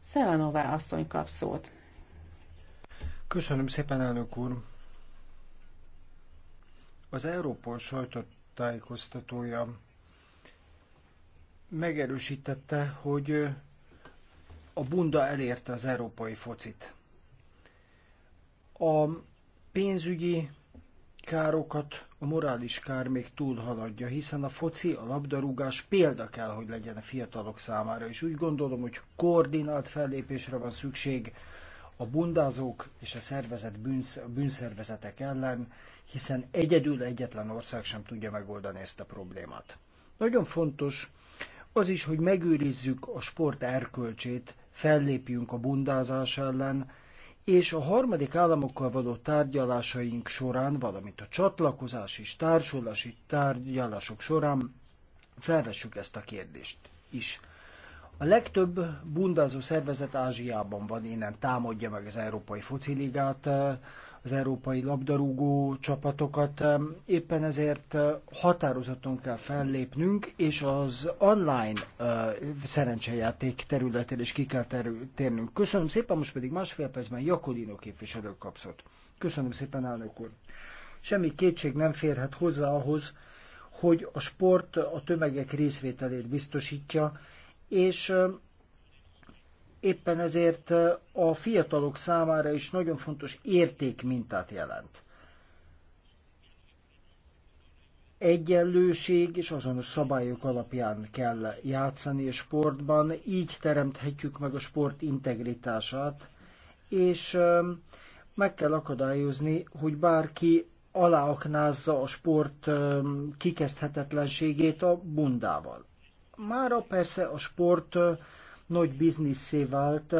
Szelenová asszony kap szót. Köszönöm szépen, elnök úr! Az Európol sajtótájékoztatója megerősítette, hogy a bunda elérte az európai focit. A pénzügyi károkat a morális kár még túlhaladja, hiszen a foci, a labdarúgás példa kell, hogy legyen a fiatalok számára, és úgy gondolom, hogy koordinált fellépésre van szükség a bundázók és a szervezet bűnszervezetek ellen, hiszen egyedül egyetlen ország sem tudja megoldani ezt a problémát. Nagyon fontos az is, hogy megőrizzük a sport erkölcsét, fellépjünk a bundázás ellen, és a harmadik államokkal való tárgyalásaink során, valamint a csatlakozás és társulási tárgyalások során felvessük ezt a kérdést is. A legtöbb bundázó szervezet Ázsiában van, innen támadja meg az Európai Fociligát, az európai labdarúgó csapatokat. Éppen ezért határozaton kell fellépnünk, és az online szerencsejáték területén is ki kell térnünk. Köszönöm szépen, most pedig másfél percben Jakolino képviselő kapszott. Köszönöm szépen, elnök úr. Semmi kétség nem férhet hozzá ahhoz, hogy a sport a tömegek részvételét biztosítja, és éppen ezért a fiatalok számára is nagyon fontos értékmintát jelent. Egyenlőség és azonos szabályok alapján kell játszani a sportban, így teremthetjük meg a sport integritását, és meg kell akadályozni, hogy bárki aláaknázza a sport kikezdhetetlenségét a bundával. Mára persze a sport nagy bizniszé vált,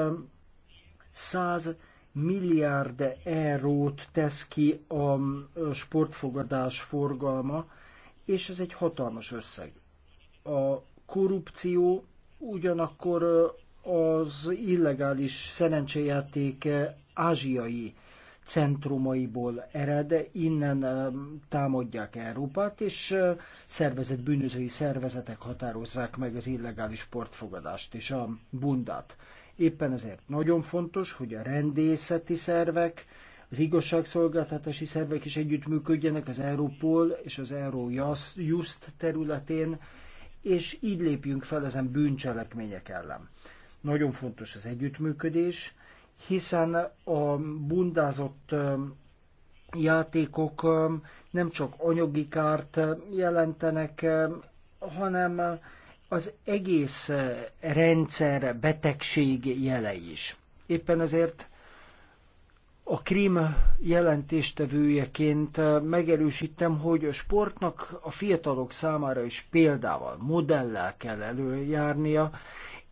100 milliárd eurót tesz ki a sportfogadás forgalma, és ez egy hatalmas összeg. A korrupció ugyanakkor az illegális szerencsejáték ázsiai centrumaiból ered, innen támadják Európát, és szervezett bűnözői szervezetek határozzák meg az illegális sportfogadást és a bundát. Éppen ezért nagyon fontos, hogy a rendészeti szervek, az igazságszolgáltatási szervek is együttműködjenek az Európol és az Eurojust területén, és így lépjünk fel ezen bűncselekmények ellen. Nagyon fontos az együttműködés, hiszen a bundázott játékok nem csak anyagi kárt jelentenek, hanem az egész rendszer betegség jele is. Éppen ezért a Krím jelentéstevőjeként megerősítem, hogy a sportnak a fiatalok számára is példával, modellel kell előjárnia,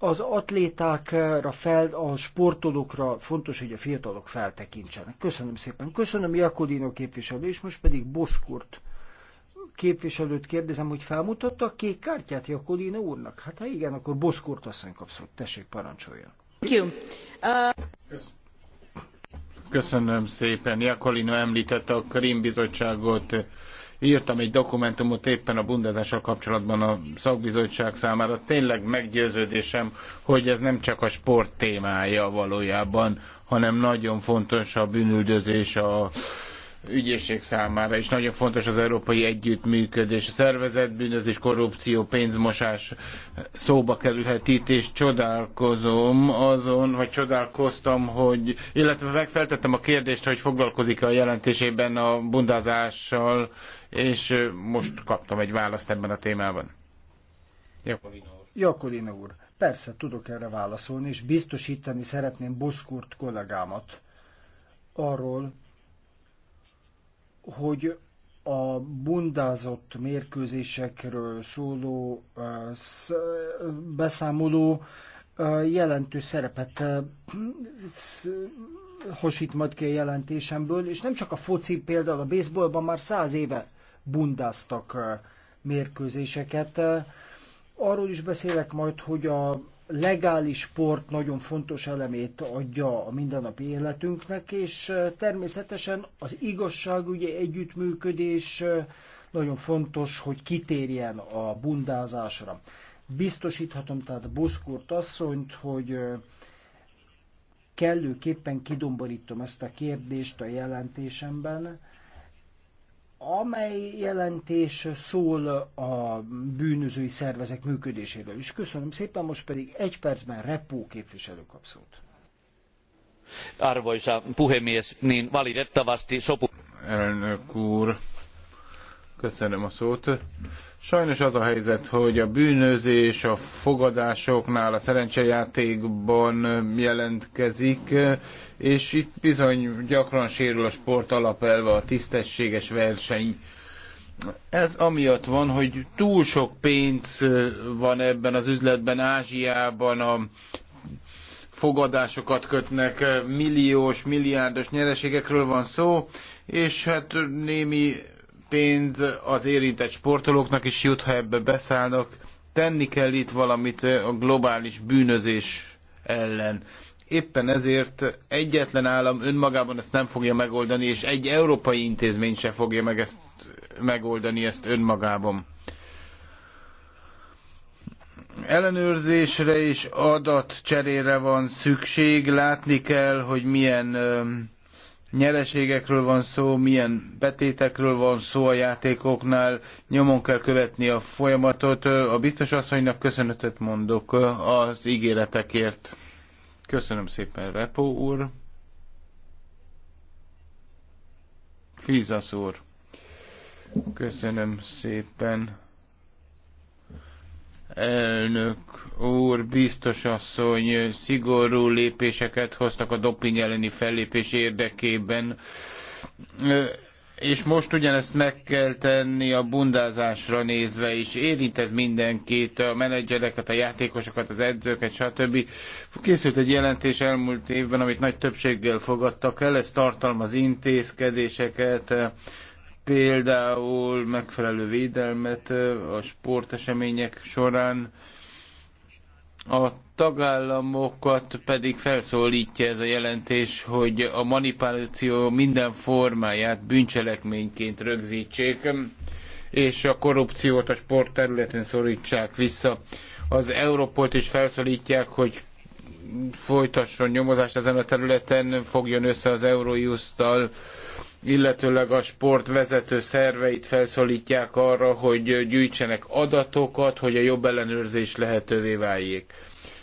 az atlétákra, fel, a sportolókra fontos, hogy a fiatalok feltekintsenek. Köszönöm szépen. Köszönöm Jakodino képviselő, és most pedig Boszkurt képviselőt kérdezem, hogy felmutatta a kék kártyát Jakodino úrnak? Hát ha igen, akkor Boszkurt asszony kapszott. Tessék, parancsoljon. Köszönöm szépen. Jakolino említette a Krim bizottságot írtam egy dokumentumot éppen a bundázással kapcsolatban a szakbizottság számára. Tényleg meggyőződésem, hogy ez nem csak a sport témája valójában, hanem nagyon fontos a bűnüldözés, a ügyészség számára is nagyon fontos az európai együttműködés. A szervezetbűnözés, korrupció, pénzmosás szóba kerülhet itt, és csodálkozom azon, vagy csodálkoztam, hogy, illetve megfeltettem a kérdést, hogy foglalkozik a jelentésében a bundázással, és most kaptam egy választ ebben a témában. Jakolina úr. Jakolina úr, persze tudok erre válaszolni, és biztosítani szeretném Boszkurt kollégámat arról, hogy a bundázott mérkőzésekről szóló beszámoló jelentős szerepet hasít majd ki a jelentésemből, és nem csak a foci, például a baseballban már száz éve bundáztak mérkőzéseket. Arról is beszélek majd, hogy a legális sport nagyon fontos elemét adja a mindennapi életünknek, és természetesen az igazságügyi együttműködés nagyon fontos, hogy kitérjen a bundázásra. Biztosíthatom tehát Boszkurt asszonyt, hogy kellőképpen kidomborítom ezt a kérdést a jelentésemben, amely jelentés szól a bűnözői szervezek működéséről is. Köszönöm szépen, most pedig egy percben Repó képviselő kap szót. Arvoisa puhemies, niin valitettavasti sopu... Elnök úr, Köszönöm a szót. Sajnos az a helyzet, hogy a bűnözés a fogadásoknál, a szerencsejátékban jelentkezik, és itt bizony gyakran sérül a sport alapelve a tisztességes verseny. Ez amiatt van, hogy túl sok pénz van ebben az üzletben, Ázsiában a fogadásokat kötnek, milliós, milliárdos nyereségekről van szó, és hát némi pénz az érintett sportolóknak is jut, ha ebbe beszállnak. Tenni kell itt valamit a globális bűnözés ellen. Éppen ezért egyetlen állam önmagában ezt nem fogja megoldani, és egy európai intézmény se fogja meg ezt megoldani ezt önmagában ellenőrzésre és adatcserére van szükség. Látni kell, hogy milyen nyereségekről van szó, milyen betétekről van szó a játékoknál, nyomon kell követni a folyamatot. A biztos asszonynak köszönetet mondok az ígéretekért. Köszönöm szépen, Repó úr. Fizasz úr. Köszönöm szépen. Elnök úr, biztos asszony, szigorú lépéseket hoztak a doping elleni fellépés érdekében, és most ugyanezt meg kell tenni a bundázásra nézve is. Érint ez mindenkit, a menedzsereket, a játékosokat, az edzőket, stb. Készült egy jelentés elmúlt évben, amit nagy többséggel fogadtak el, ez tartalmaz intézkedéseket, például megfelelő védelmet a sportesemények során, a tagállamokat pedig felszólítja ez a jelentés, hogy a manipuláció minden formáját bűncselekményként rögzítsék, és a korrupciót a sportterületen szorítsák vissza. Az Európolt is felszólítják, hogy folytasson nyomozást ezen a területen, fogjon össze az Eurojust-tal, illetőleg a sport vezető szerveit felszólítják arra, hogy gyűjtsenek adatokat, hogy a jobb ellenőrzés lehetővé váljék.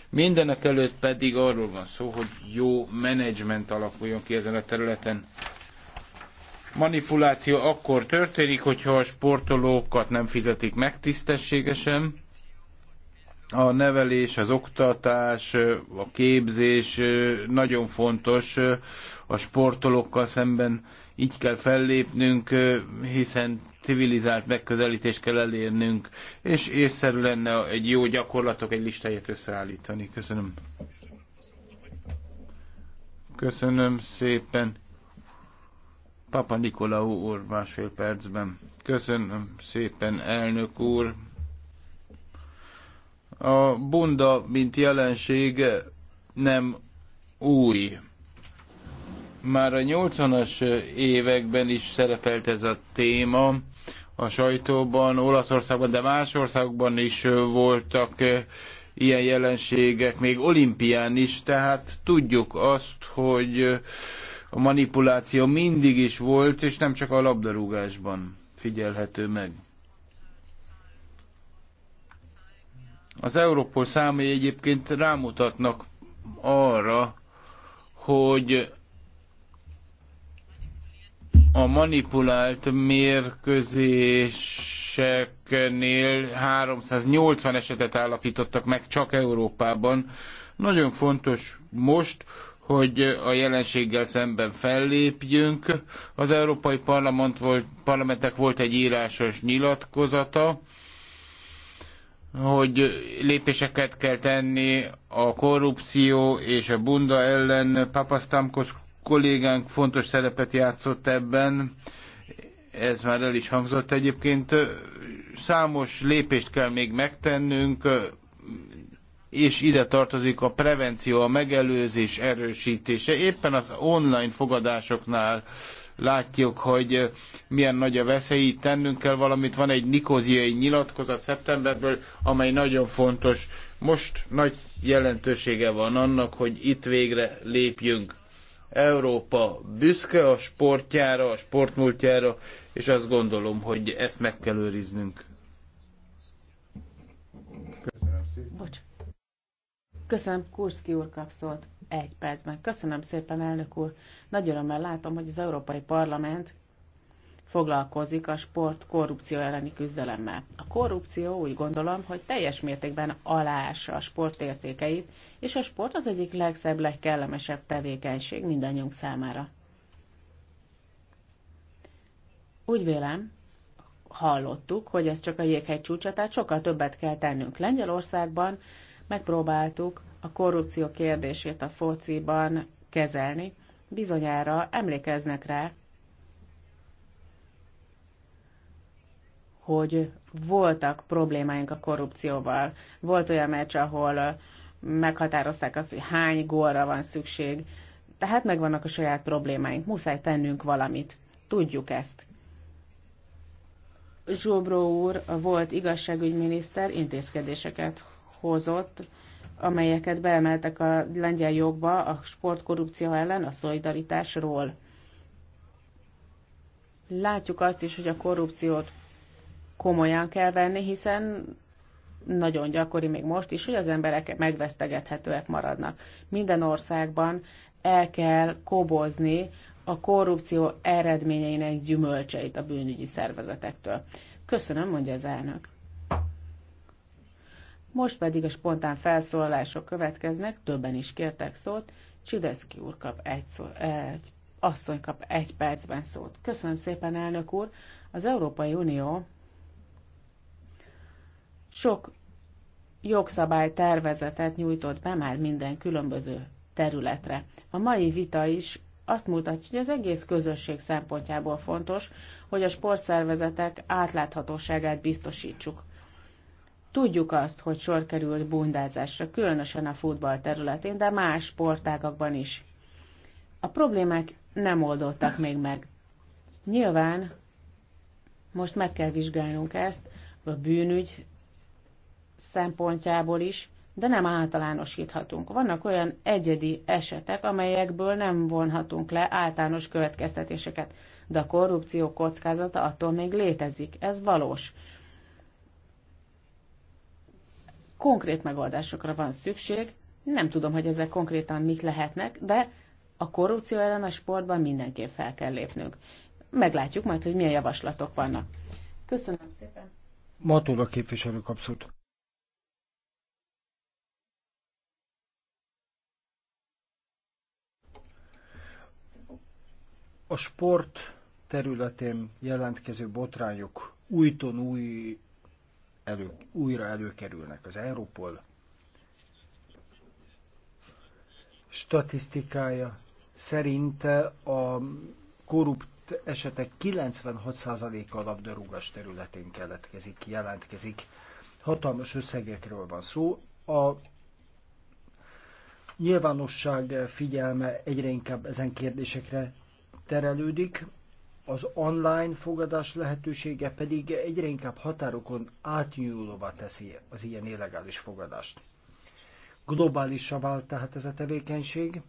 Mindenek előtt pedig arról van szó, hogy jó menedzsment alakuljon ki ezen a területen. Manipuláció akkor történik, hogyha a sportolókat nem fizetik meg tisztességesen, a nevelés, az oktatás, a képzés nagyon fontos a sportolókkal szemben. Így kell fellépnünk, hiszen civilizált megközelítést kell elérnünk, és észszerű lenne egy jó gyakorlatok egy listáját összeállítani. Köszönöm. Köszönöm szépen. Papa Nikolaú úr másfél percben. Köszönöm szépen, elnök úr. A bunda, mint jelenség nem új. Már a 80-as években is szerepelt ez a téma a sajtóban, Olaszországban, de más országban is voltak eh, ilyen jelenségek, még olimpián is, tehát tudjuk azt, hogy eh, a manipuláció mindig is volt, és nem csak a labdarúgásban figyelhető meg. Az Európol számai egyébként rámutatnak arra, hogy a manipulált mérkőzéseknél 380 esetet állapítottak meg csak Európában. Nagyon fontos most, hogy a jelenséggel szemben fellépjünk. Az Európai Parlament volt, Parlamentek volt egy írásos nyilatkozata, hogy lépéseket kell tenni a korrupció és a bunda ellen. Papasztamkos kollégánk fontos szerepet játszott ebben, ez már el is hangzott egyébként. Számos lépést kell még megtennünk, és ide tartozik a prevenció, a megelőzés erősítése, éppen az online fogadásoknál látjuk, hogy milyen nagy a veszély, itt tennünk kell valamit. Van egy nikóziai nyilatkozat szeptemberből, amely nagyon fontos. Most nagy jelentősége van annak, hogy itt végre lépjünk. Európa büszke a sportjára, a sportmúltjára, és azt gondolom, hogy ezt meg kell őriznünk. Köszönöm szépen. Bocs. Köszönöm, Kurszki úr kapszolt egy percben. Köszönöm szépen, elnök úr. Nagy örömmel látom, hogy az Európai Parlament foglalkozik a sport korrupció elleni küzdelemmel. A korrupció úgy gondolom, hogy teljes mértékben aláássa a sport értékeit, és a sport az egyik legszebb, legkellemesebb tevékenység mindannyiunk számára. Úgy vélem, hallottuk, hogy ez csak a jéghegy csúcsa, tehát sokkal többet kell tennünk. Lengyelországban megpróbáltuk a korrupció kérdését a fociban kezelni, bizonyára emlékeznek rá, hogy voltak problémáink a korrupcióval. Volt olyan meccs, ahol meghatározták azt, hogy hány gólra van szükség. Tehát megvannak a saját problémáink, muszáj tennünk valamit. Tudjuk ezt. Zsóbró úr volt igazságügyminiszter, intézkedéseket hozott amelyeket beemeltek a lengyel jogba a sportkorrupció ellen, a szolidaritásról. Látjuk azt is, hogy a korrupciót komolyan kell venni, hiszen nagyon gyakori még most is, hogy az emberek megvesztegethetőek maradnak. Minden országban el kell kobozni a korrupció eredményeinek gyümölcseit a bűnügyi szervezetektől. Köszönöm, mondja az elnök. Most pedig a spontán felszólalások következnek, többen is kértek szót. Csideszki úr kap egy, szó, eh, egy asszony kap egy percben szót. Köszönöm szépen, elnök úr. Az Európai Unió sok jogszabály tervezetet nyújtott be már minden különböző területre. A mai vita is azt mutatja, hogy az egész közösség szempontjából fontos, hogy a sportszervezetek átláthatóságát biztosítsuk. Tudjuk azt, hogy sor került bundázásra, különösen a futball területén, de más sportágakban is. A problémák nem oldottak még meg. Nyilván most meg kell vizsgálnunk ezt a bűnügy szempontjából is, de nem általánosíthatunk. Vannak olyan egyedi esetek, amelyekből nem vonhatunk le általános következtetéseket, de a korrupció kockázata attól még létezik. Ez valós konkrét megoldásokra van szükség. Nem tudom, hogy ezek konkrétan mik lehetnek, de a korrupció ellen a sportban mindenképp fel kell lépnünk. Meglátjuk majd, hogy milyen javaslatok vannak. Köszönöm szépen. Matula képviselő kapszót. A sport területén jelentkező botrányok újton új elő, újra előkerülnek az Európol statisztikája szerint a korrupt esetek 96%-a a labdarúgás területén keletkezik, jelentkezik. Hatalmas összegekről van szó. A nyilvánosság figyelme egyre inkább ezen kérdésekre terelődik, az online fogadás lehetősége pedig egyre inkább határokon átnyúlóvá teszi az ilyen illegális fogadást. Globálisra vált tehát ez a tevékenység,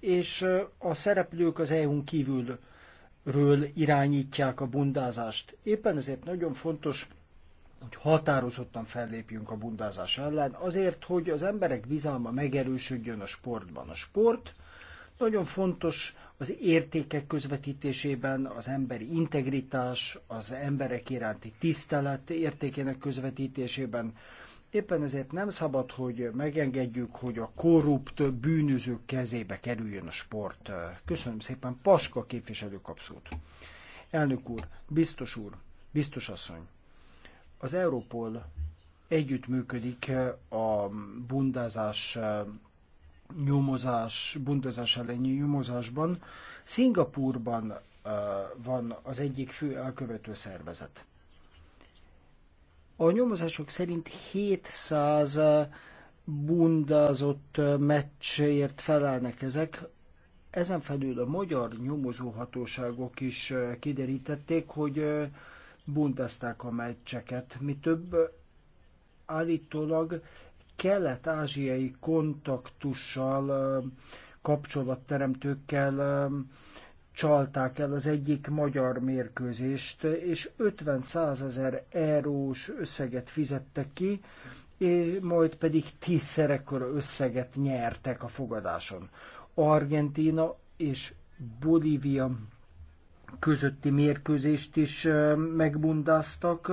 és a szereplők az EU-n kívülről irányítják a bundázást. Éppen ezért nagyon fontos, hogy határozottan fellépjünk a bundázás ellen, azért, hogy az emberek bizalma megerősödjön a sportban. A sport nagyon fontos az értékek közvetítésében, az emberi integritás, az emberek iránti tisztelet értékének közvetítésében. Éppen ezért nem szabad, hogy megengedjük, hogy a korrupt bűnözők kezébe kerüljön a sport. Köszönöm szépen, Paska képviselő kapszót. Elnök úr, biztos úr, biztos asszony, az Európol együttműködik a bundázás nyomozás, bundozás elleni nyomozásban. Szingapurban van az egyik fő elkövető szervezet. A nyomozások szerint 700 bundázott meccsért felelnek ezek. Ezen felül a magyar nyomozóhatóságok is kiderítették, hogy bundázták a meccseket. Mi több, állítólag kelet-ázsiai kontaktussal, kapcsolatteremtőkkel csalták el az egyik magyar mérkőzést, és 50 ezer eurós összeget fizettek ki, és majd pedig tízszerekkora összeget nyertek a fogadáson. Argentina és Bolívia közötti mérkőzést is megbundáztak,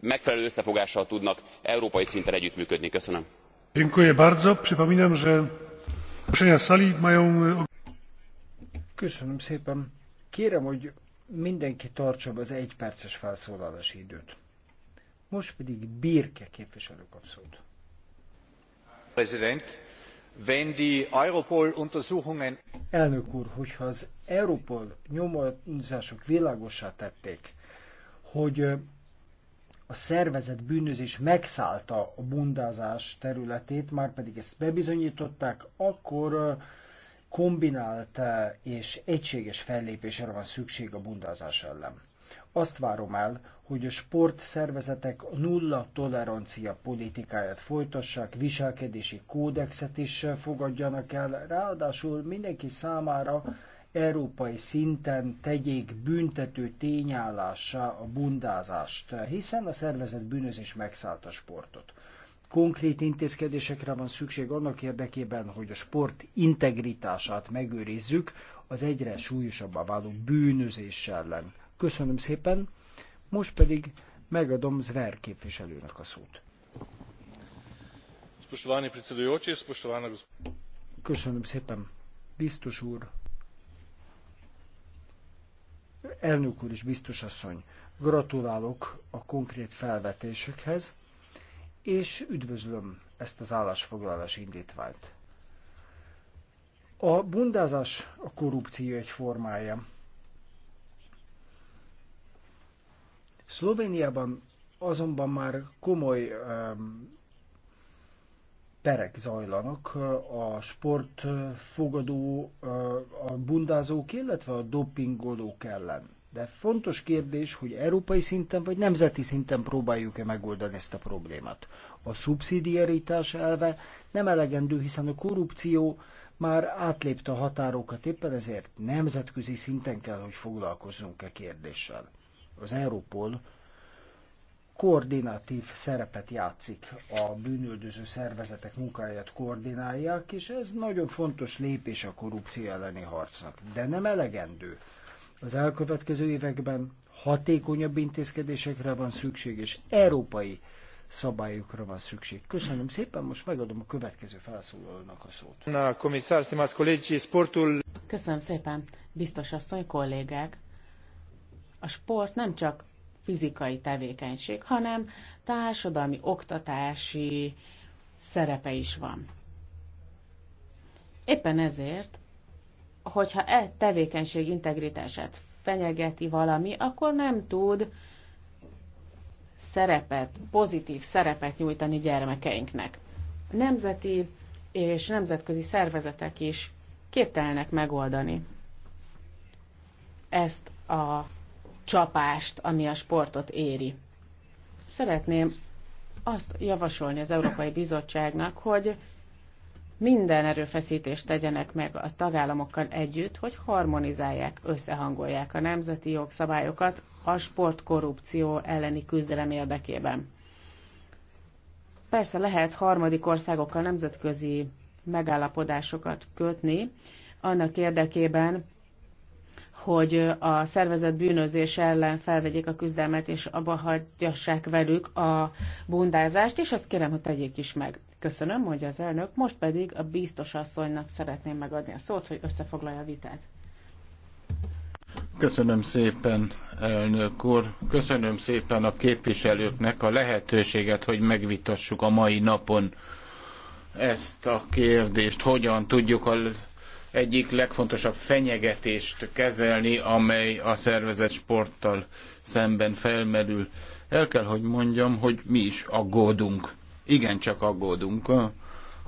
megfelelő összefogással tudnak európai szinten együttműködni. köszönöm. Köszönöm szépen. Kérem, hogy mindenki tartsa be az egyperces felszólalási időt. Most pedig Birke képviselő kap szót. Wenn die Europol untersuchungen... Elnök úr, hogyha az Europol nyomozások világosá tették, hogy a szervezet bűnözés megszállta a bundázás területét, már pedig ezt bebizonyították, akkor kombinált és egységes fellépésre van szükség a bundázás ellen. Azt várom el, hogy a sportszervezetek nulla tolerancia politikáját folytassák, viselkedési kódexet is fogadjanak el, ráadásul mindenki számára európai szinten tegyék büntető tényállása a bundázást, hiszen a szervezet bűnözés megszállt a sportot. Konkrét intézkedésekre van szükség annak érdekében, hogy a sport integritását megőrizzük az egyre súlyosabbá váló bűnözés ellen. Köszönöm szépen, most pedig megadom Zver képviselőnek a szót. Köszönöm szépen, biztos úr, Elnök úr és biztos asszony, gratulálok a konkrét felvetésekhez, és üdvözlöm ezt az állásfoglalás indítványt. A bundázás a korrupció egy formája. Szlovéniában azonban már komoly um, perek zajlanak a sportfogadó, a bundázók, illetve a dopingolók ellen. De fontos kérdés, hogy európai szinten vagy nemzeti szinten próbáljuk-e megoldani ezt a problémát. A szubszidiaritás elve nem elegendő, hiszen a korrupció már átlépte a határokat, éppen ezért nemzetközi szinten kell, hogy foglalkozzunk e kérdéssel. Az Európol koordinatív szerepet játszik, a bűnöldöző szervezetek munkáját koordinálják, és ez nagyon fontos lépés a korrupció elleni harcnak. De nem elegendő. Az elkövetkező években hatékonyabb intézkedésekre van szükség, és európai szabályokra van szükség. Köszönöm szépen, most megadom a következő felszólalónak a szót. Na, komisszár, stimați colegi, sportul... Köszönöm szépen, biztos asszony, kollégák. A sport nem csak fizikai tevékenység, hanem társadalmi, oktatási szerepe is van. Éppen ezért, hogyha e tevékenység integritását fenyegeti valami, akkor nem tud szerepet, pozitív szerepet nyújtani gyermekeinknek. Nemzeti és nemzetközi szervezetek is képtelnek megoldani ezt a csapást, ami a sportot éri. Szeretném azt javasolni az Európai Bizottságnak, hogy minden erőfeszítést tegyenek meg a tagállamokkal együtt, hogy harmonizálják, összehangolják a nemzeti jogszabályokat a sportkorrupció elleni küzdelem érdekében. Persze lehet harmadik országokkal nemzetközi megállapodásokat kötni, annak érdekében, hogy a szervezet bűnözés ellen felvegyék a küzdelmet, és abba hagyassák velük a bundázást, és azt kérem, hogy tegyék is meg. Köszönöm, hogy az elnök, most pedig a biztos asszonynak szeretném megadni a szót, hogy összefoglalja a vitát. Köszönöm szépen, elnök úr. Köszönöm szépen a képviselőknek a lehetőséget, hogy megvitassuk a mai napon ezt a kérdést, hogyan tudjuk az egyik legfontosabb fenyegetést kezelni, amely a szervezett sporttal szemben felmerül. El kell, hogy mondjam, hogy mi is aggódunk. Igen, csak aggódunk.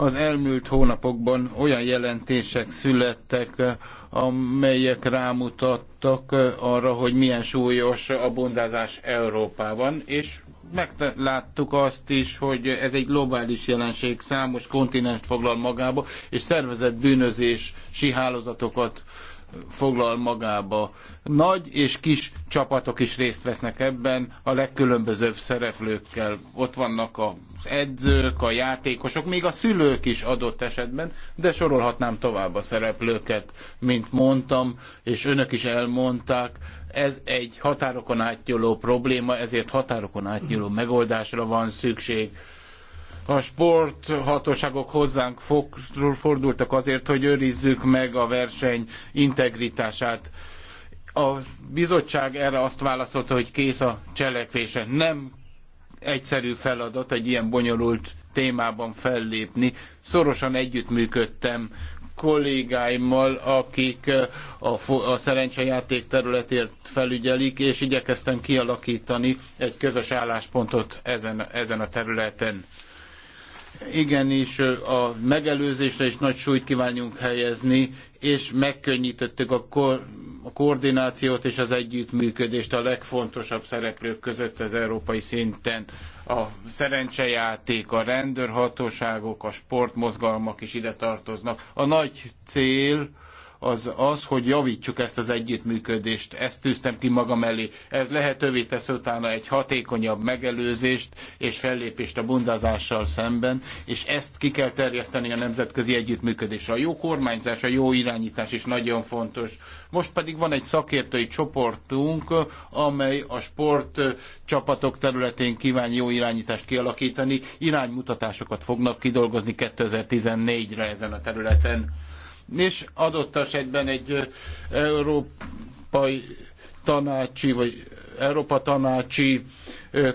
Az elmúlt hónapokban olyan jelentések születtek, amelyek rámutattak arra, hogy milyen súlyos a bondázás Európában, és megláttuk azt is, hogy ez egy globális jelenség, számos kontinens foglal magába, és szervezett bűnözési hálózatokat foglal magába. Nagy és kis csapatok is részt vesznek ebben, a legkülönbözőbb szereplőkkel. Ott vannak az edzők, a játékosok, még a szülők is adott esetben, de sorolhatnám tovább a szereplőket, mint mondtam, és önök is elmondták. Ez egy határokon átnyúló probléma, ezért határokon átnyúló megoldásra van szükség a sporthatóságok hozzánk fordultak azért, hogy őrizzük meg a verseny integritását. A bizottság erre azt válaszolta, hogy kész a cselekvése. Nem egyszerű feladat egy ilyen bonyolult témában fellépni. Szorosan együttműködtem kollégáimmal, akik eh, a, a szerencsejáték területért felügyelik, és igyekeztem kialakítani egy közös álláspontot ezen, ezen a területen igenis a megelőzésre is nagy súlyt kívánjunk helyezni, és megkönnyítettük a, ko- a koordinációt és az együttműködést a legfontosabb szereplők között az európai szinten. A szerencsejáték, a rendőrhatóságok, a sportmozgalmak is ide tartoznak. A nagy cél, az az, hogy javítsuk ezt az együttműködést. Ezt tűztem ki magam elé. Ez lehetővé tesz utána egy hatékonyabb megelőzést és fellépést a bundázással szemben, és ezt ki kell terjeszteni a nemzetközi együttműködésre. A jó kormányzás, a jó irányítás is nagyon fontos. Most pedig van egy szakértői csoportunk, amely a sportcsapatok területén kíván jó irányítást kialakítani. Iránymutatásokat fognak kidolgozni 2014-re ezen a területen és adott esetben egy európai tanácsi, vagy Európa tanácsi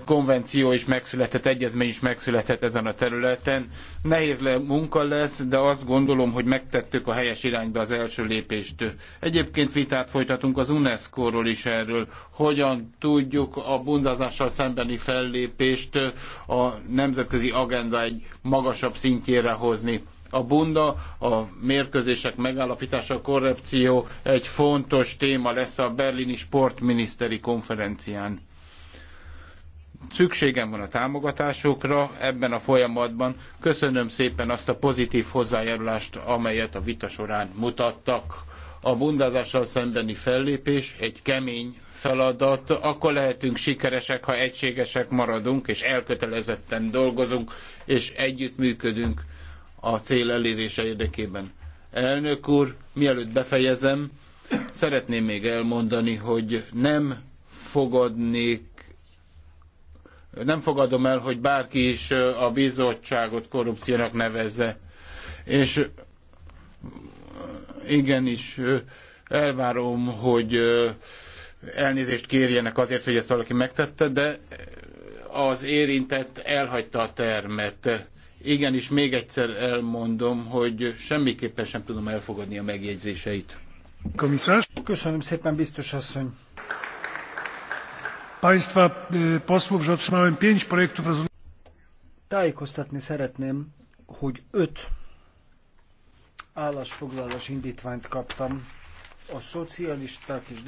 konvenció is megszületett, egyezmény is megszületett ezen a területen. Nehéz le, munka lesz, de azt gondolom, hogy megtettük a helyes irányba az első lépést. Egyébként vitát folytatunk az UNESCO-ról is erről, hogyan tudjuk a bundázással szembeni fellépést a nemzetközi agenda egy magasabb szintjére hozni. A bunda, a mérkőzések megállapítása, a korrupció egy fontos téma lesz a berlini sportminiszteri konferencián. Szükségem van a támogatásokra ebben a folyamatban. Köszönöm szépen azt a pozitív hozzájárulást, amelyet a vita során mutattak a bundázással szembeni fellépés egy kemény feladat, akkor lehetünk sikeresek, ha egységesek maradunk, és elkötelezetten dolgozunk, és együttműködünk a cél elérése érdekében. Elnök úr, mielőtt befejezem, szeretném még elmondani, hogy nem fogadnék nem fogadom el, hogy bárki is a bizottságot korrupciónak nevezze. És igenis elvárom, hogy elnézést kérjenek azért, hogy ezt valaki megtette, de az érintett elhagyta a termet. Igenis, még egyszer elmondom, hogy semmiképpen sem tudom elfogadni a megjegyzéseit. Komisarz? Köszönöm szépen, biztos asszony. Państwa e, posłów, że otrzymałem pięć projektów rezolucji. Tájékoztatni szeretném, hogy öt állásfoglalás indítványt kaptam a szocialisták és